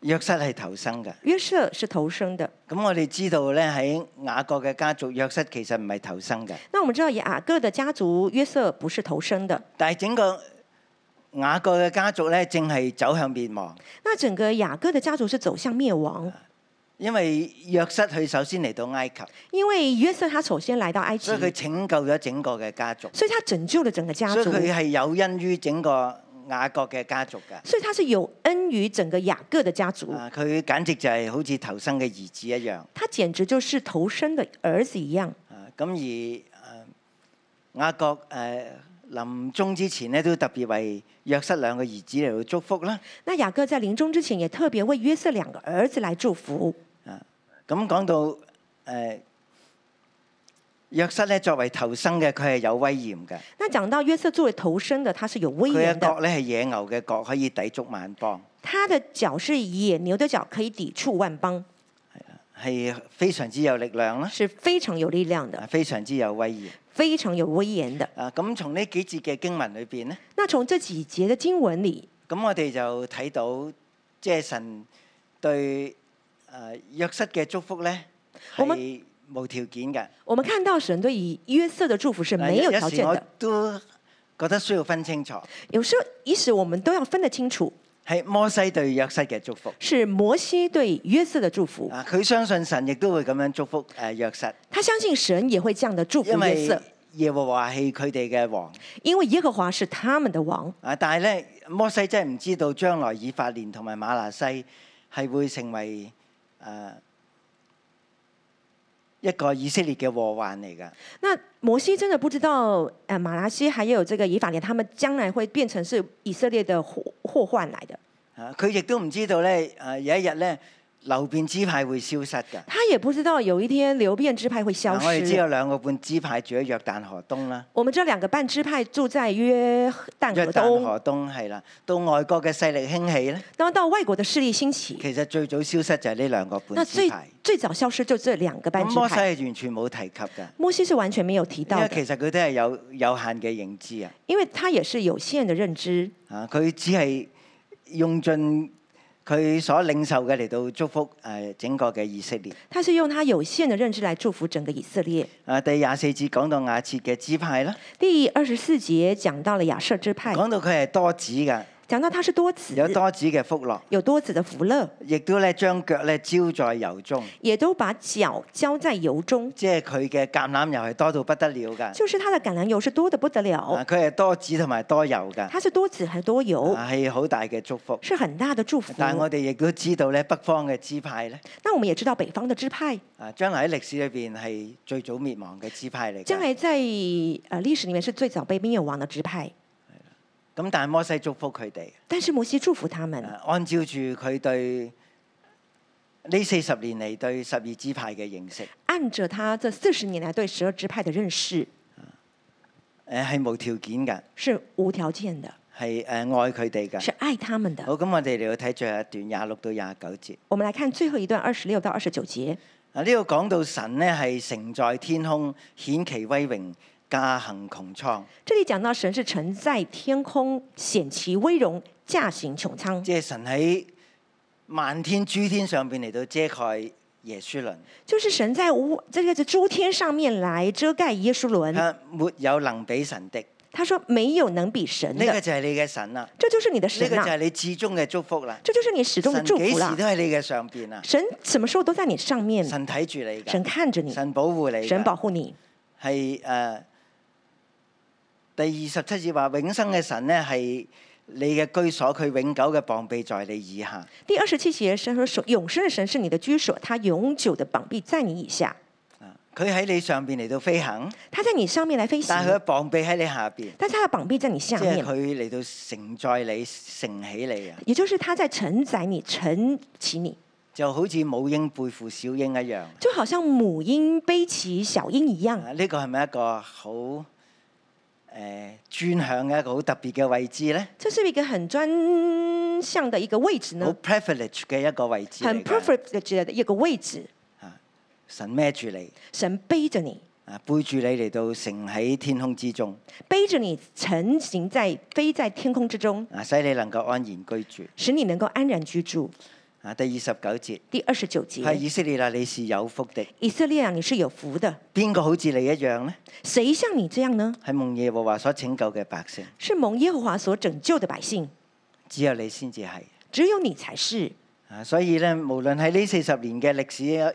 約瑟係投生嘅，約瑟是投生的。咁我哋知道呢，喺雅各嘅家族，約瑟其實唔係投生嘅。那我們知道雅各的家族，約瑟不是投生的，但係整個雅各嘅家族呢，正係走向滅亡。那整個雅各的家族是走向滅亡。因為約瑟佢首先嚟到埃及，因為約瑟他首先來到埃及，佢拯救咗整個嘅家族，所以佢拯救了整個家族，所以佢係有恩於整個雅各嘅家族嘅，所以他是有恩於整個雅各嘅家，家族。佢、啊、簡直就係好似投生嘅兒子一樣，他簡直就是投生的兒子一樣。啊，咁而雅各誒臨終之前呢，都特別為約瑟兩個兒子嚟到祝福啦。那雅各在臨終之前，也特別為約瑟兩個兒子來祝福。咁講到誒約瑟咧，作為頭生嘅，佢係有威嚴嘅。那講到約瑟作為頭生嘅，他是有威嚴的。佢嘅角咧係野牛嘅角，可以抵觸萬邦。他的角是野牛的角，可以抵觸萬邦。係啊，係非常之有力量咯。是非常有力量嘅，非常之有威嚴。非常有威嚴嘅。啊，咁從呢幾節嘅經文裏邊咧，那從這幾節嘅經文裏，咁我哋就睇到，即係神對。誒、uh, 約瑟嘅祝福咧係無條件嘅。我們看到神對約瑟嘅祝福是沒有條件的。Uh, 我都覺得需要分清楚。Uh, 有時，意思我們都要分得清楚。係摩西對約瑟嘅祝福。是摩西對約瑟嘅祝福。啊，佢相信神亦都會咁樣祝福誒、uh, 約瑟。他相信神也會這樣的祝福約瑟。因為耶和華係佢哋嘅王。因為耶和華是他們的王。啊、uh,，uh, 但係咧摩西真係唔知道將來以法蓮同埋瑪拿西係會成為。誒、啊、一個以色列嘅禍患嚟㗎。那摩西真的不知道誒馬拉西還有這個以法蓮，他們將來會變成是以色列的禍禍患嚟嘅。啊，佢亦都唔知道咧誒、啊、有一日咧。流便支派會消失嘅，他也不知道有一天流便支派會消失的。我哋只有兩個半支派住喺約旦河東啦。我們只有兩個半支派住在約旦河東。約旦河東係啦，到外國嘅勢力興起咧。當到外國嘅勢力興起，其實最早消失就係呢兩個半支派。最最早消失就這兩個半支派。摩西係完全冇提及嘅。摩西是完全沒有提到。因為其實佢都係有有限嘅認知啊。因為他也是有限嘅認知。啊，佢只係用盡。佢所領受嘅嚟到祝福誒、呃、整個嘅以色列。他是用他有限嘅認知嚟祝福整個以色列。誒、啊，第廿四節講到亞設嘅支派啦。第二十四節講到了亞設支派。講到佢係多子㗎。講到它是多子，有多子嘅福樂，有多子嘅福樂，亦都咧將腳咧澆在油中，也都把腳澆在油中，即係佢嘅橄欖油係多到不得了噶，就是它的橄欖油是多得不得了，佢係多子同埋多油噶，它是多子還多，多，多油，係好大嘅祝福，是很大的祝福。但係我哋亦都知道咧，北方嘅支派咧，那我們也知道北方嘅支派，啊，將來喺歷史裏邊係最早滅亡嘅支派嚟，將來在啊歷、歷史裏面是最早被滅亡的支派。咁但係摩西祝福佢哋，但是摩西祝福他們。按照住佢對呢四十年嚟對十二支派嘅認識，按照他這四十年來對十二支派嘅認識，誒係無條件嘅，是無條件的，係誒愛佢哋嘅，是愛他們的。好，咁我哋嚟睇最後一段廿六到廿九節。我們來看最後一段二十六到二十九節。啊，呢個講到神呢係乘在天空顯其威榮。駕行穹蒼，這裏講到神是承在天空，顯其威榮，駕行穹蒼。即係神喺漫天諸天上邊嚟到遮蓋耶穌輪。就是神在五，這個諸天上面來遮蓋耶穌輪。啊，沒有能比神的。他說沒有能比神的。呢、這個就係你嘅神啦。這就是你的神啦。呢個就係你至終嘅祝福啦。這個、就是你始終祝福啦。神幾時都喺你嘅上邊啊？神什麼時候都在你上面？神睇住你。神看着你。神保護你。神保護你。係誒。呃第二十七節話永生嘅神咧係你嘅居所，佢永久嘅膀臂在你以下。第二十七節神說：永生嘅神是你嘅居所，他永久嘅膀臂在你以下。佢喺你上邊嚟到飛行，他在你上面嚟飛行。但佢嘅膀臂喺你下邊。但係佢嘅膀臂在你下面。佢嚟到承載你、承起你啊！也就是他在承載你、承起你。就好似母鷹背負小鷹一樣。就好像母鷹背起小鷹一樣。呢、啊這個係咪一個好？誒，專向嘅一個好特別嘅位置咧，這是一個很專向嘅一個位置呢。好 privilege 嘅一個位置，很 privilege 嘅一個位置，啊，神孭住你，神背着你，啊，背住你嚟到乘喺天空之中，背着你乘行在飛在天空之中，啊，使你能夠安然居住，居住，使你能夠安然居住。啊，第二十九節，第二十九節，係以色列啊，你是有福的。以色列啊，你是有福的。邊個好似你一樣呢？誰像你這樣呢？係蒙耶和華所拯救嘅百姓。是蒙耶和華所拯救嘅百姓。只有你先至係。只有你才是。啊，所以咧，無論喺呢四十年嘅歷史，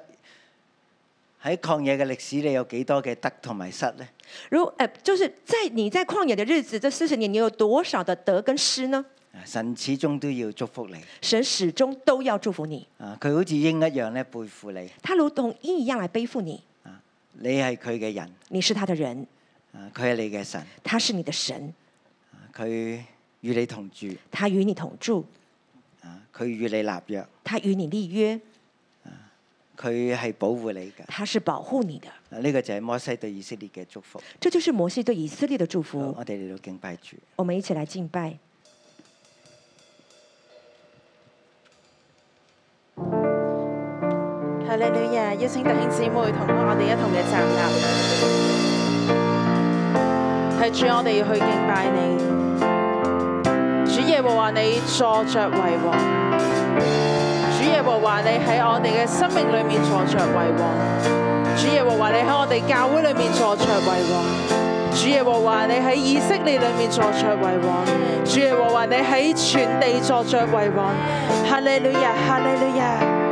喺曠野嘅歷史，你有幾多嘅得同埋失呢？如誒、呃，就是在你在曠野嘅日子，這四十年，你有多少的得跟失呢？神始終都要祝福你。神始終都要祝福你。啊，佢好似鷹一樣咧背負你。他、啊、如同鷹一樣來背負你。啊，你係佢嘅人。你是他的人。啊，佢係你嘅神。他是你的神。佢與你同住。他與你同住。啊，佢與你立約。他與你立約。啊，佢係保護你嘅。他是保護你的。呢、啊啊這個就係摩西對以色列嘅祝福。這就是摩西對以色列嘅祝福。啊哦、我哋嚟到敬拜主。我們一起來敬拜。哈利路亞！邀請弟兄姊妹同我哋一同嘅站立。係主，我哋要去敬拜你。主耶和華你坐着為王。主耶和華你喺我哋嘅生命裏面坐着為王。主耶和華你喺我哋教會裏面坐着為王。主耶和華你喺以色列裏面坐着為王。主耶和華你喺全地坐着為王。哈利路亞！哈利路亞！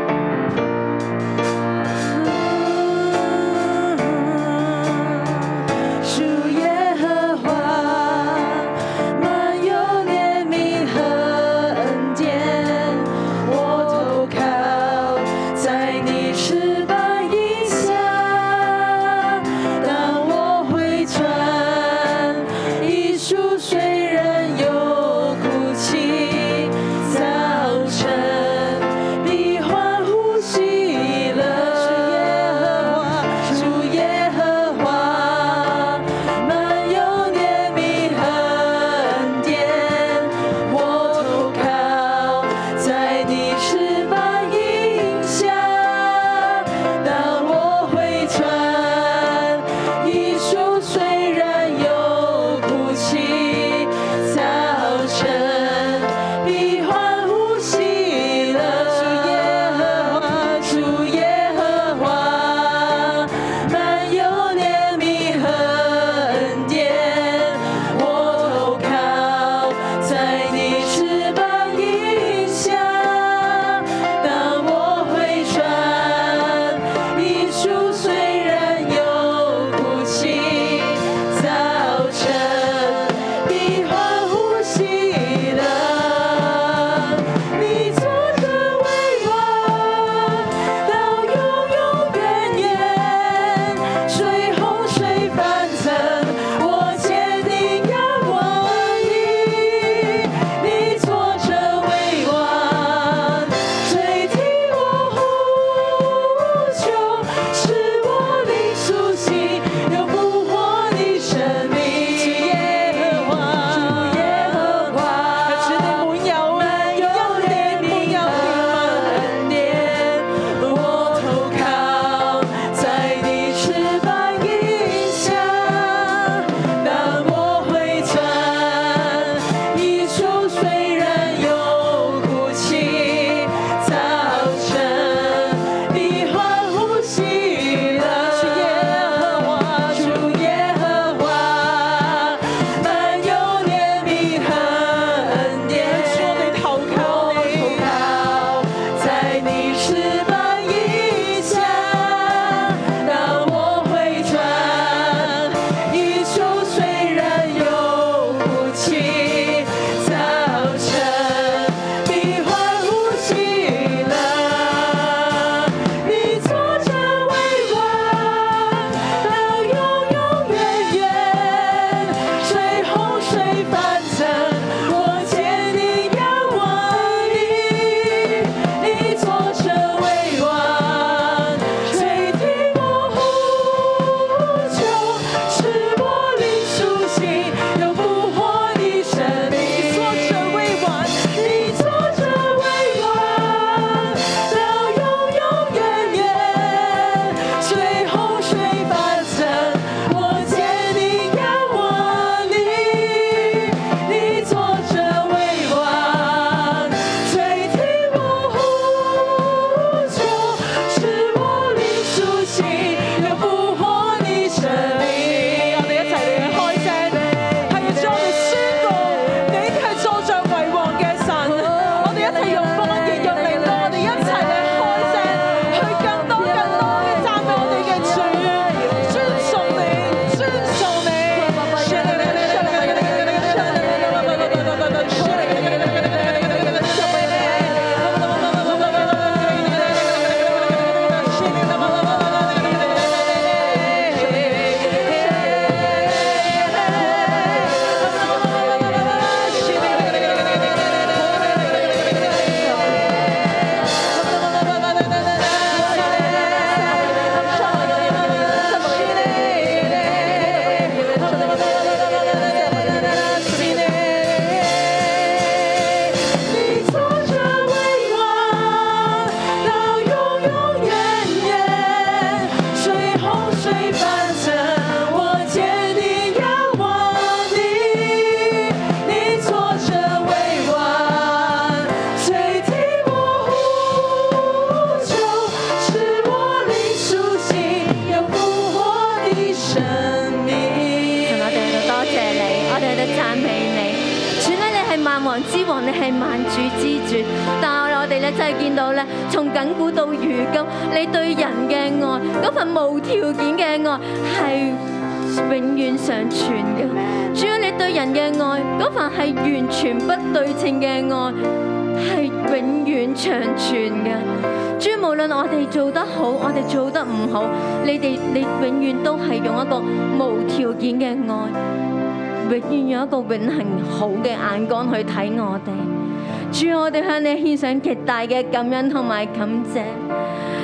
極大嘅感恩同埋感謝，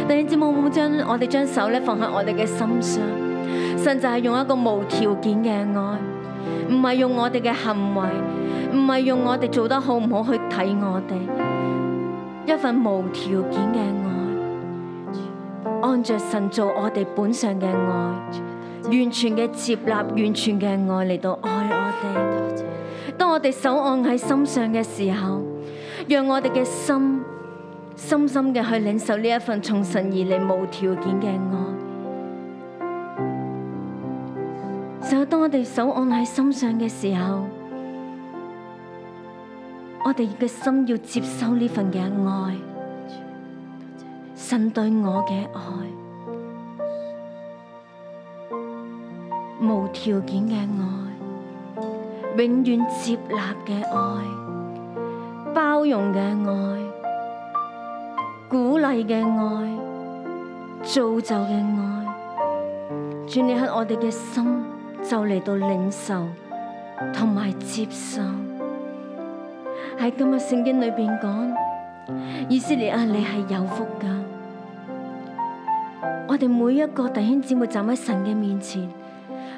第二節冇冇將我哋將手咧放喺我哋嘅心上，甚至係用一個無條件嘅愛，唔係用我哋嘅行為，唔係用我哋做得好唔好去睇我哋，一份無條件嘅愛，按着神做我哋本上嘅愛，完全嘅接納，完全嘅愛嚟到愛我哋，當我哋手按喺心上嘅時候。讓我哋嘅心深深嘅去領受呢一份從神而嚟無條件嘅愛。就當我哋手按喺心上嘅時候，我哋嘅心要接受呢份嘅愛，神對我嘅愛，無條件嘅愛，永遠接納嘅愛。包容嘅愛，鼓勵嘅愛，造就嘅愛，轉你喺我哋嘅心就嚟到領受同埋接受。喺今日聖經裏邊講，以色列啊，你係有福噶。我哋每一個弟兄姊妹站喺神嘅面前，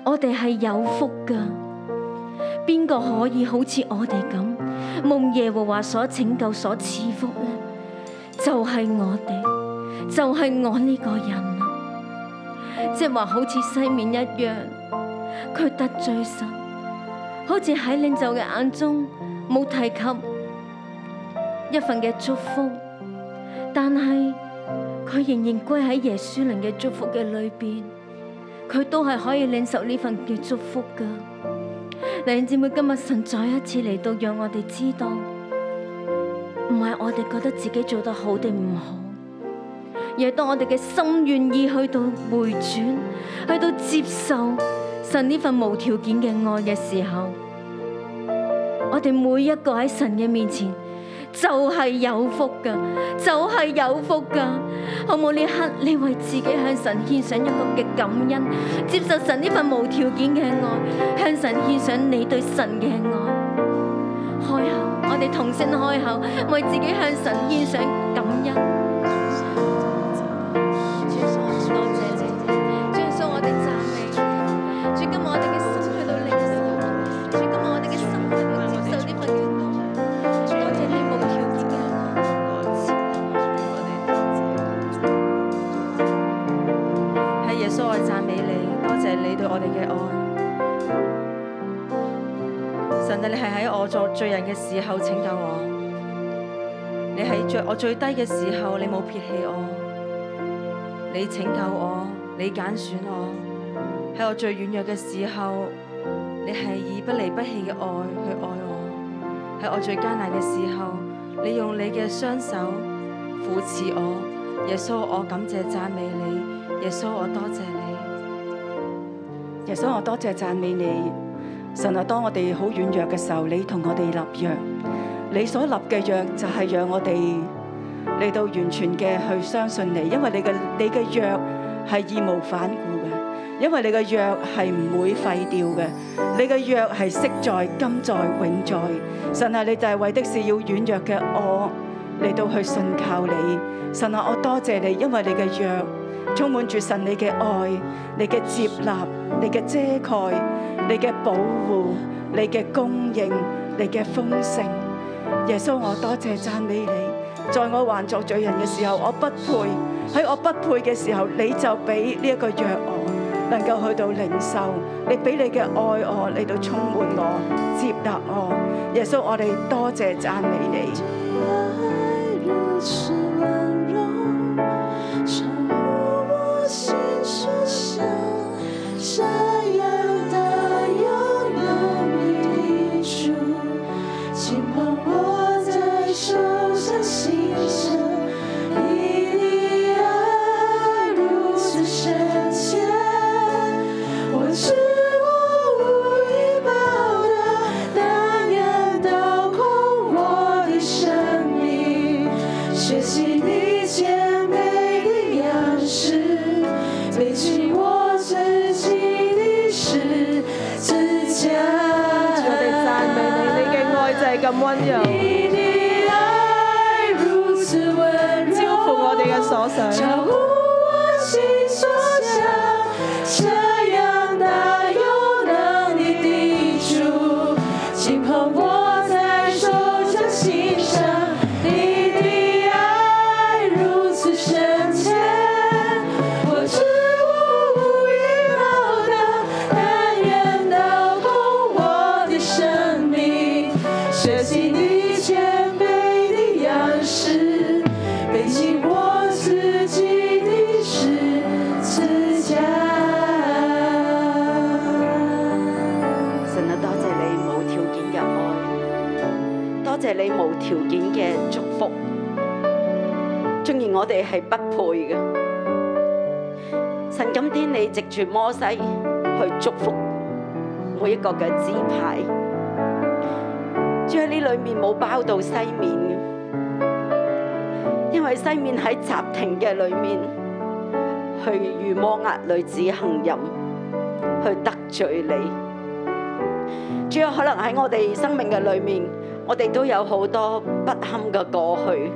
我哋係有福噶。邊個可以好似我哋咁？蒙耶和華所拯救、所賜福咧，就係我哋，就係我呢個人啊！即係話好似西面一樣，佢得罪神，好似喺領袖嘅眼中冇提及一份嘅祝福，但係佢仍然歸喺耶書崙嘅祝福嘅裏邊，佢都係可以領受呢份嘅祝福噶。弟兄姊妹，今日神再一次嚟到，讓我哋知道，唔係我哋覺得自己做得好定唔好，而係當我哋嘅心願意去到回轉，去到接受神呢份無條件嘅愛嘅時候，我哋每一個喺神嘅面前。就係、是、有福噶，就係、是、有福噶。好冇？呢刻你為自己向神獻上一個嘅感恩，接受神呢份無條件嘅愛，向神獻上你對神嘅愛。開口，我哋同聲開口，為自己向神獻上感恩。多謝主，讚賞我哋讚美，主今日。你喺我作罪人嘅時候拯救我，你喺著我最低嘅時候，你冇撇棄我，你拯救我，你揀選我，喺我最軟弱嘅時候，你係以不離不棄嘅愛去愛我，喺我最艱難嘅時候，你用你嘅雙手扶持我。耶穌，我感謝讚美你。耶穌，我多謝你。耶穌，我多謝讚美你。神啊，當我哋好軟弱嘅時候，你同我哋立約，你所立嘅約就係讓我哋嚟到完全嘅去相信你，因為你嘅你嘅約係義無反顧嘅，因為你嘅約係唔會廢掉嘅，你嘅約係昔在今在永在。神啊，你就係為的是要軟弱嘅我嚟到去信靠你。神啊，我多謝你，因為你嘅約充滿住神你嘅愛，你嘅接納，你嘅遮蓋。你嘅保護，你嘅供應，你嘅豐盛，耶穌我多謝讚美你。在我還作罪人嘅時候，我不配；喺我不配嘅時候，你就俾呢個約我，能夠去到領受你俾你嘅愛我你都充滿我接納我。耶穌我哋多謝讚美你。我哋係不配嘅。神今天你藉住摩西去祝福每一個嘅支派，主要呢裏面冇包到西面嘅，因為西面喺什亭嘅裏面去遇摩押女子行淫，去得罪你。主要可能喺我哋生命嘅裏面，我哋都有好多不堪嘅過去。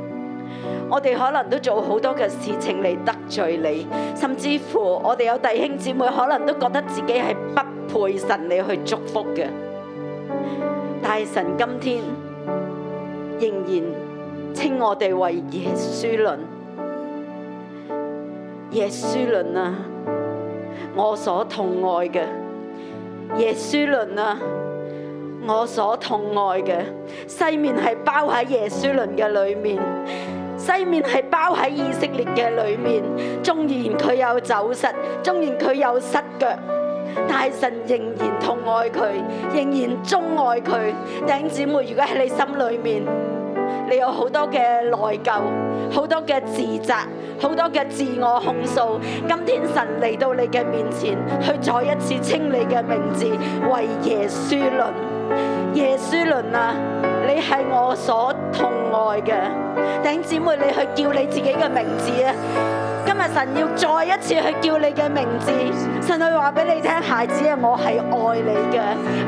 我哋可能都做好多嘅事情嚟得罪你，甚至乎我哋有弟兄姊妹可能都覺得自己係不配神你去祝福嘅，但神今天仍然稱我哋為耶穌論，耶穌論啊，我所痛愛嘅耶穌論啊，我所痛愛嘅，西面係包喺耶穌論嘅裏面。西面係包喺以色列嘅裏面，縱然佢有走失，縱然佢有失腳，但係神仍然痛愛佢，仍然鍾愛佢。弟兄姊妹，如果喺你心裏面，你有好多嘅內疚，好多嘅自責，好多嘅自我控訴，今天神嚟到你嘅面前，去再一次清你嘅名字，為耶穌論，耶穌論啊！你係我所痛愛嘅，弟兄姊妹，你去叫你自己嘅名字啊！今日神要再一次去叫你嘅名字，神去話俾你聽，孩子啊，我係愛你嘅，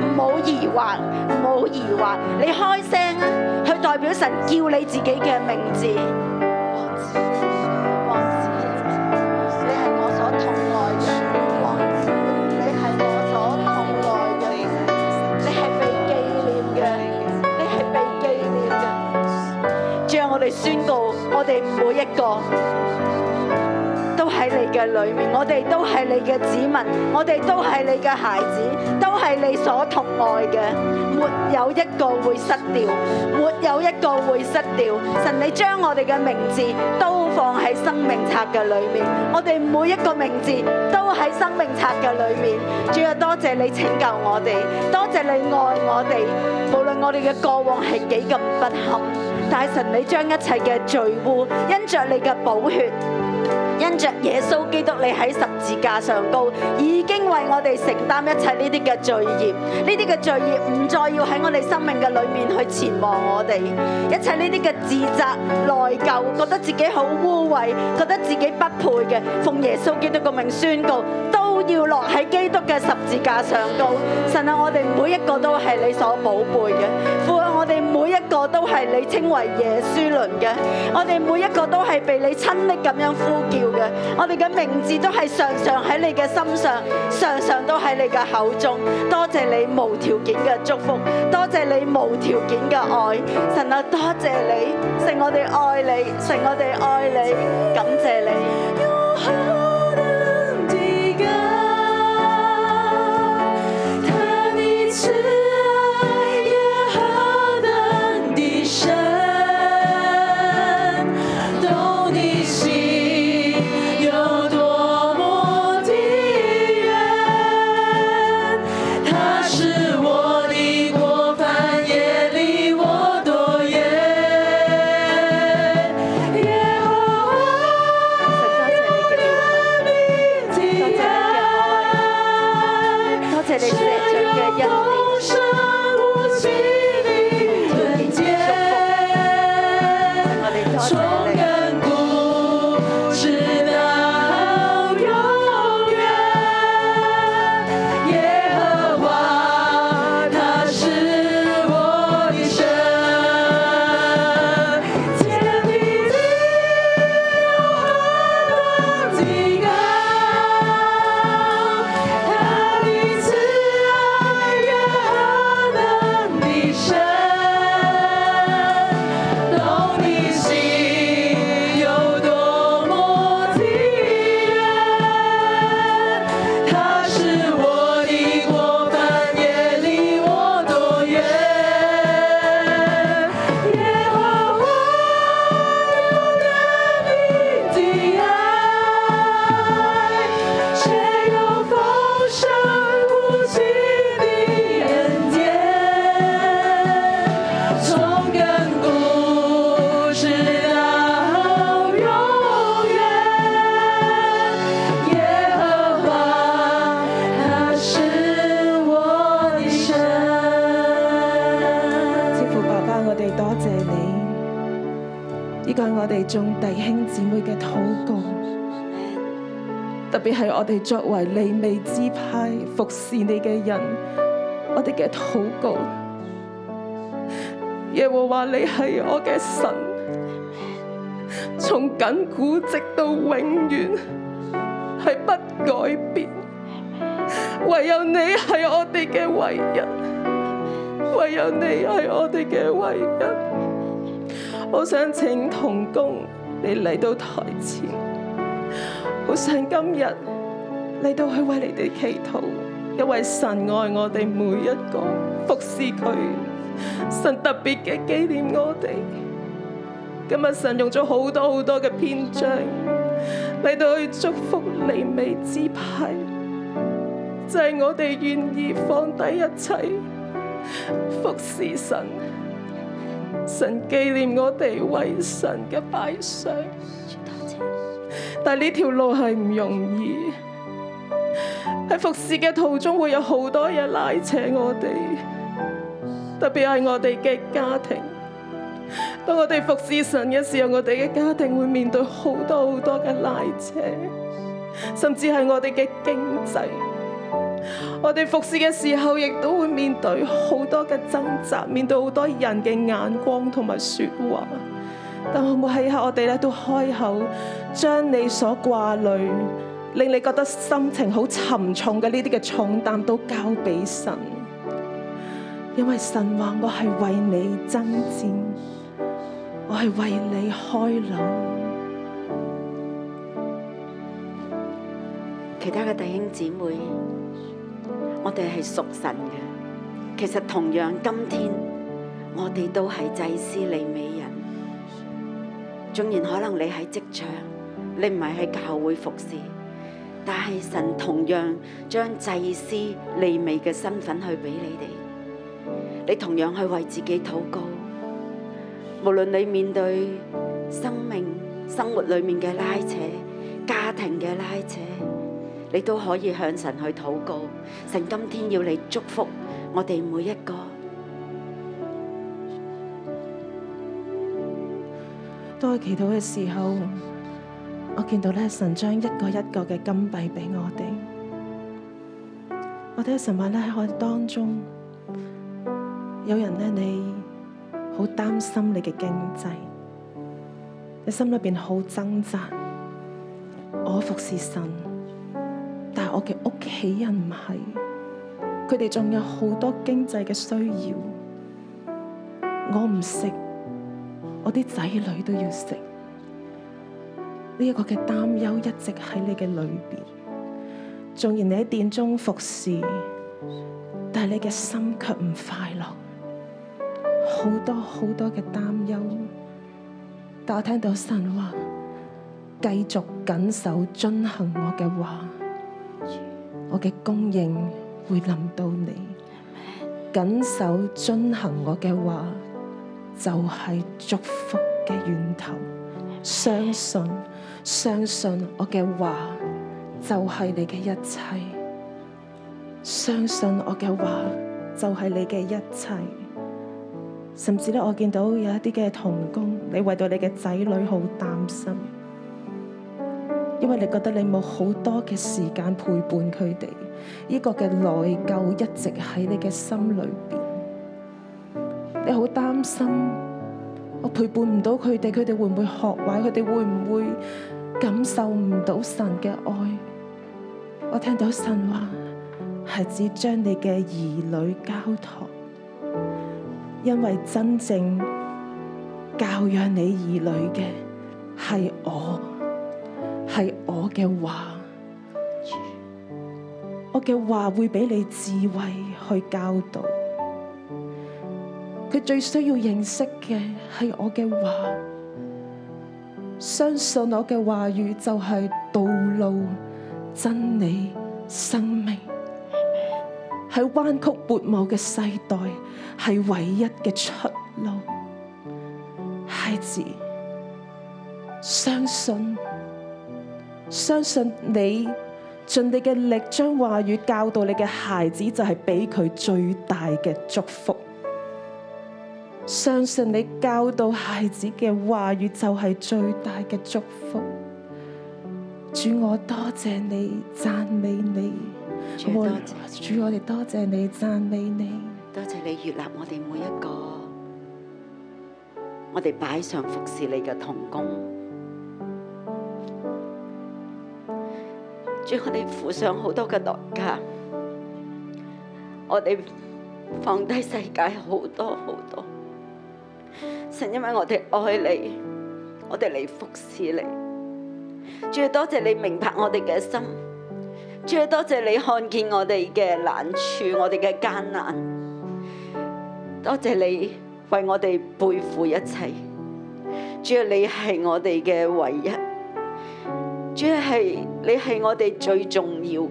唔好疑惑，唔好疑惑，你開聲啊，去代表神叫你自己嘅名字。宣告我哋每一個。喺你嘅裏面，我哋都係你嘅子民，我哋都係你嘅孩子，都係你所疼愛嘅，沒有一個會失掉，沒有一個會失掉。神，你將我哋嘅名字都放喺生命冊嘅裏面，我哋每一個名字都喺生命冊嘅裏面。主啊，多謝你拯救我哋，多謝你愛我哋，無論我哋嘅過往係幾咁不堪，但係神，你將一切嘅罪污因着你嘅寶血。因着耶穌基督，你喺十字架上高，已經為我哋承擔一切呢啲嘅罪孽，呢啲嘅罪孽唔再要喺我哋生命嘅裏面去纏磨我哋，一切呢啲嘅自責、內疚，覺得自己好污穢，覺得自己不配嘅，奉耶穌基督個名宣告。都要落喺基督嘅十字架上高，神啊，我哋每一個都係你所寶貝嘅，父啊，我哋每一個都係你稱為耶穌倫嘅，我哋每一個都係被你親昵咁樣呼叫嘅，我哋嘅名字都係常常喺你嘅心上，常常都喺你嘅口中，多謝你無條件嘅祝福，多謝你無條件嘅愛，神啊，多謝你，使我哋愛你，使我哋愛你，感謝你。作為利未支派服侍你嘅人，我哋嘅禱告，耶和華你係我嘅神，從緊古直到永遠係不改變。唯有你係我哋嘅唯一，唯有你係我哋嘅唯一。好想請同工你嚟到台前，好想今日。嚟到去為你哋祈禱，因為神愛我哋每一個服侍佢，神特別嘅紀念我哋。今日神用咗好多好多嘅篇章嚟到去祝福利未支派，就係、是、我哋願意放低一切服侍神，神紀念我哋為神嘅擺上。但係呢條路係唔容易。喺服侍嘅途中會有好多嘢拉扯我哋，特別係我哋嘅家庭。當我哋服侍神嘅時候，我哋嘅家庭會面對好多好多嘅拉扯，甚至係我哋嘅經濟。我哋服侍嘅時候，亦都會面對好多嘅掙扎，面對好多人嘅眼光同埋說話。但我冇希下，我哋咧都開口將你所掛慮。令你覺得心情好沉重嘅，呢啲嘅重擔都交俾神，因為神話我係為你爭戰，我係為你開路。其他嘅弟兄姊妹，我哋係屬神嘅。其實同樣，今天我哋都係祭司利未人。縱然可能你喺職場，你唔係喺教會服侍。但係神同樣將祭司利未嘅身份去俾你哋，你同樣去為自己禱告。無論你面對生命、生活裏面嘅拉扯、家庭嘅拉扯，你都可以向神去禱告。神今天要你祝福我哋每一個。當去祈禱嘅時候，我見到神將一個一個嘅金幣俾我哋。我睇神話咧喺海當中，有人，你好擔心你嘅經濟，你心裏面好掙扎。我服侍神，但我嘅屋企人唔係，佢哋仲，有好多經濟嘅需要。我唔食，我啲仔女都要食。呢、這、一個嘅擔憂一直喺你嘅裏邊，縱然你喺殿中服侍，但係你嘅心卻唔快樂，好多好多嘅擔憂。但我聽到神話，繼續謹守遵行我嘅話，Yeah. 我嘅供應會臨到你。謹守遵行我嘅話，就係、是、祝福嘅源頭。Yeah. 相信。相信我嘅話就係你嘅一切，相信我嘅話就係你嘅一切。甚至咧，我見到有一啲嘅同工，你為到你嘅仔女好擔心，因為你覺得你冇好多嘅時間陪伴佢哋，呢個嘅內疚一直喺你嘅心裏邊。你好擔心，我陪伴唔到佢哋，佢哋會唔會學壞？佢哋會唔會？感受唔到神嘅愛，我聽到神話，係指將你嘅兒女交託，因為真正教養你兒女嘅係我，係我嘅話，我嘅話會俾你智慧去教導，佢最需要認識嘅係我嘅話。相信我嘅話語就係道路、真理、生命，喺彎曲悖謬嘅世代，係唯一嘅出路。孩子，相信，相信你盡你嘅力將話語教導你嘅孩子，就係俾佢最大嘅祝福。相信你教導孩子嘅話語就係最大嘅祝福。主，我多謝你讚美你，主，我哋多謝你讚美你。多謝你悅納我哋每一個，我哋擺上服侍你嘅童工。主，我哋付上好多嘅代價，我哋放低世界好多好多。神，因為我哋愛你，我哋嚟服侍你。主要多謝你明白我哋嘅心，主要多謝你看見我哋嘅難處，我哋嘅艱難。多謝你為我哋背負一切，主要你係我哋嘅唯一，主要係你係我哋最重要嘅。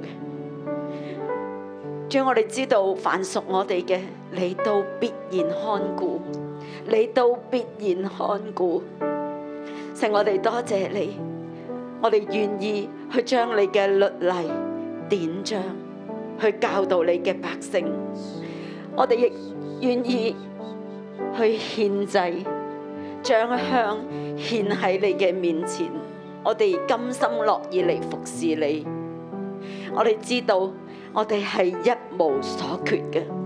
主要我哋知道凡屬我哋嘅，你都必然看顧。你都必然看顧，請我哋多謝，謝你。我哋願意去將你嘅律例典章去教導你嘅百姓，我哋亦願意去獻祭，將香獻喺你嘅面前。我哋甘心樂意嚟服侍你。我哋知道，我哋係一無所缺嘅。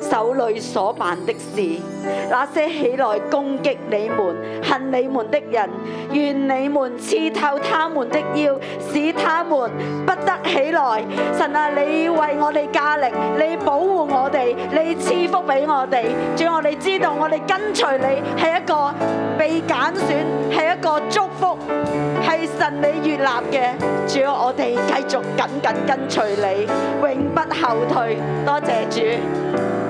手裏所辦的事，那些起來攻擊你們、恨你們的人，願你們刺透他們的腰，使他們不得起來。神啊，你為我哋加力，你保護我哋，你賜福俾我哋。主，我哋知道我哋跟隨你係一個被揀選，係一個祝福，係神你悦納嘅。主，我哋繼續緊緊跟隨你，永不後退。多謝主。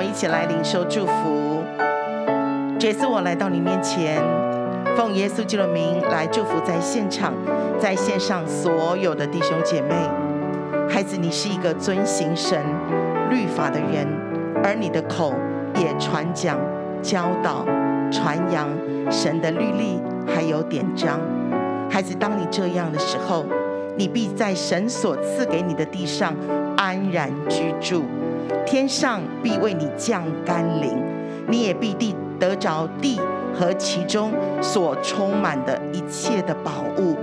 我們一起來領受祝福。這次我來到你面前，奉耶穌基督名來祝福在現場、在線上所有的弟兄姐妹。孩子，你是一個遵行神律法的人，而你的口也傳講、教導、傳揚神的律例還有典章。孩子，當你這樣的時候，你必在神所賜給你的地上安然居住。天上必為你降甘霖，你也必定得着地和其中所充滿的一切的寶物。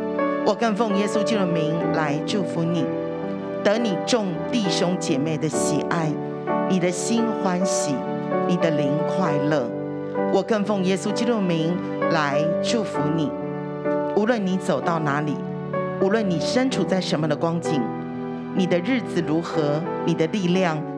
我更奉耶穌基督名來祝福你，得你眾弟兄姐妹的喜愛，你的心歡喜，你的靈快樂。我更奉耶穌基督名來祝福你，無論你走到哪裏，無論你身處在什麼的光景，你的日子如何，你的力量。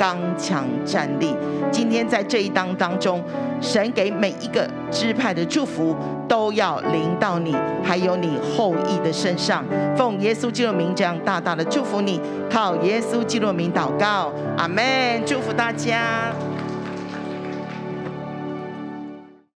剛強站立，今天在這一當當中，神給每一個支派的祝福都要臨到你，還有你後裔的身上。奉耶穌基督的名，這樣大大的祝福你。靠耶穌基督的名禱告，阿門。祝福大家。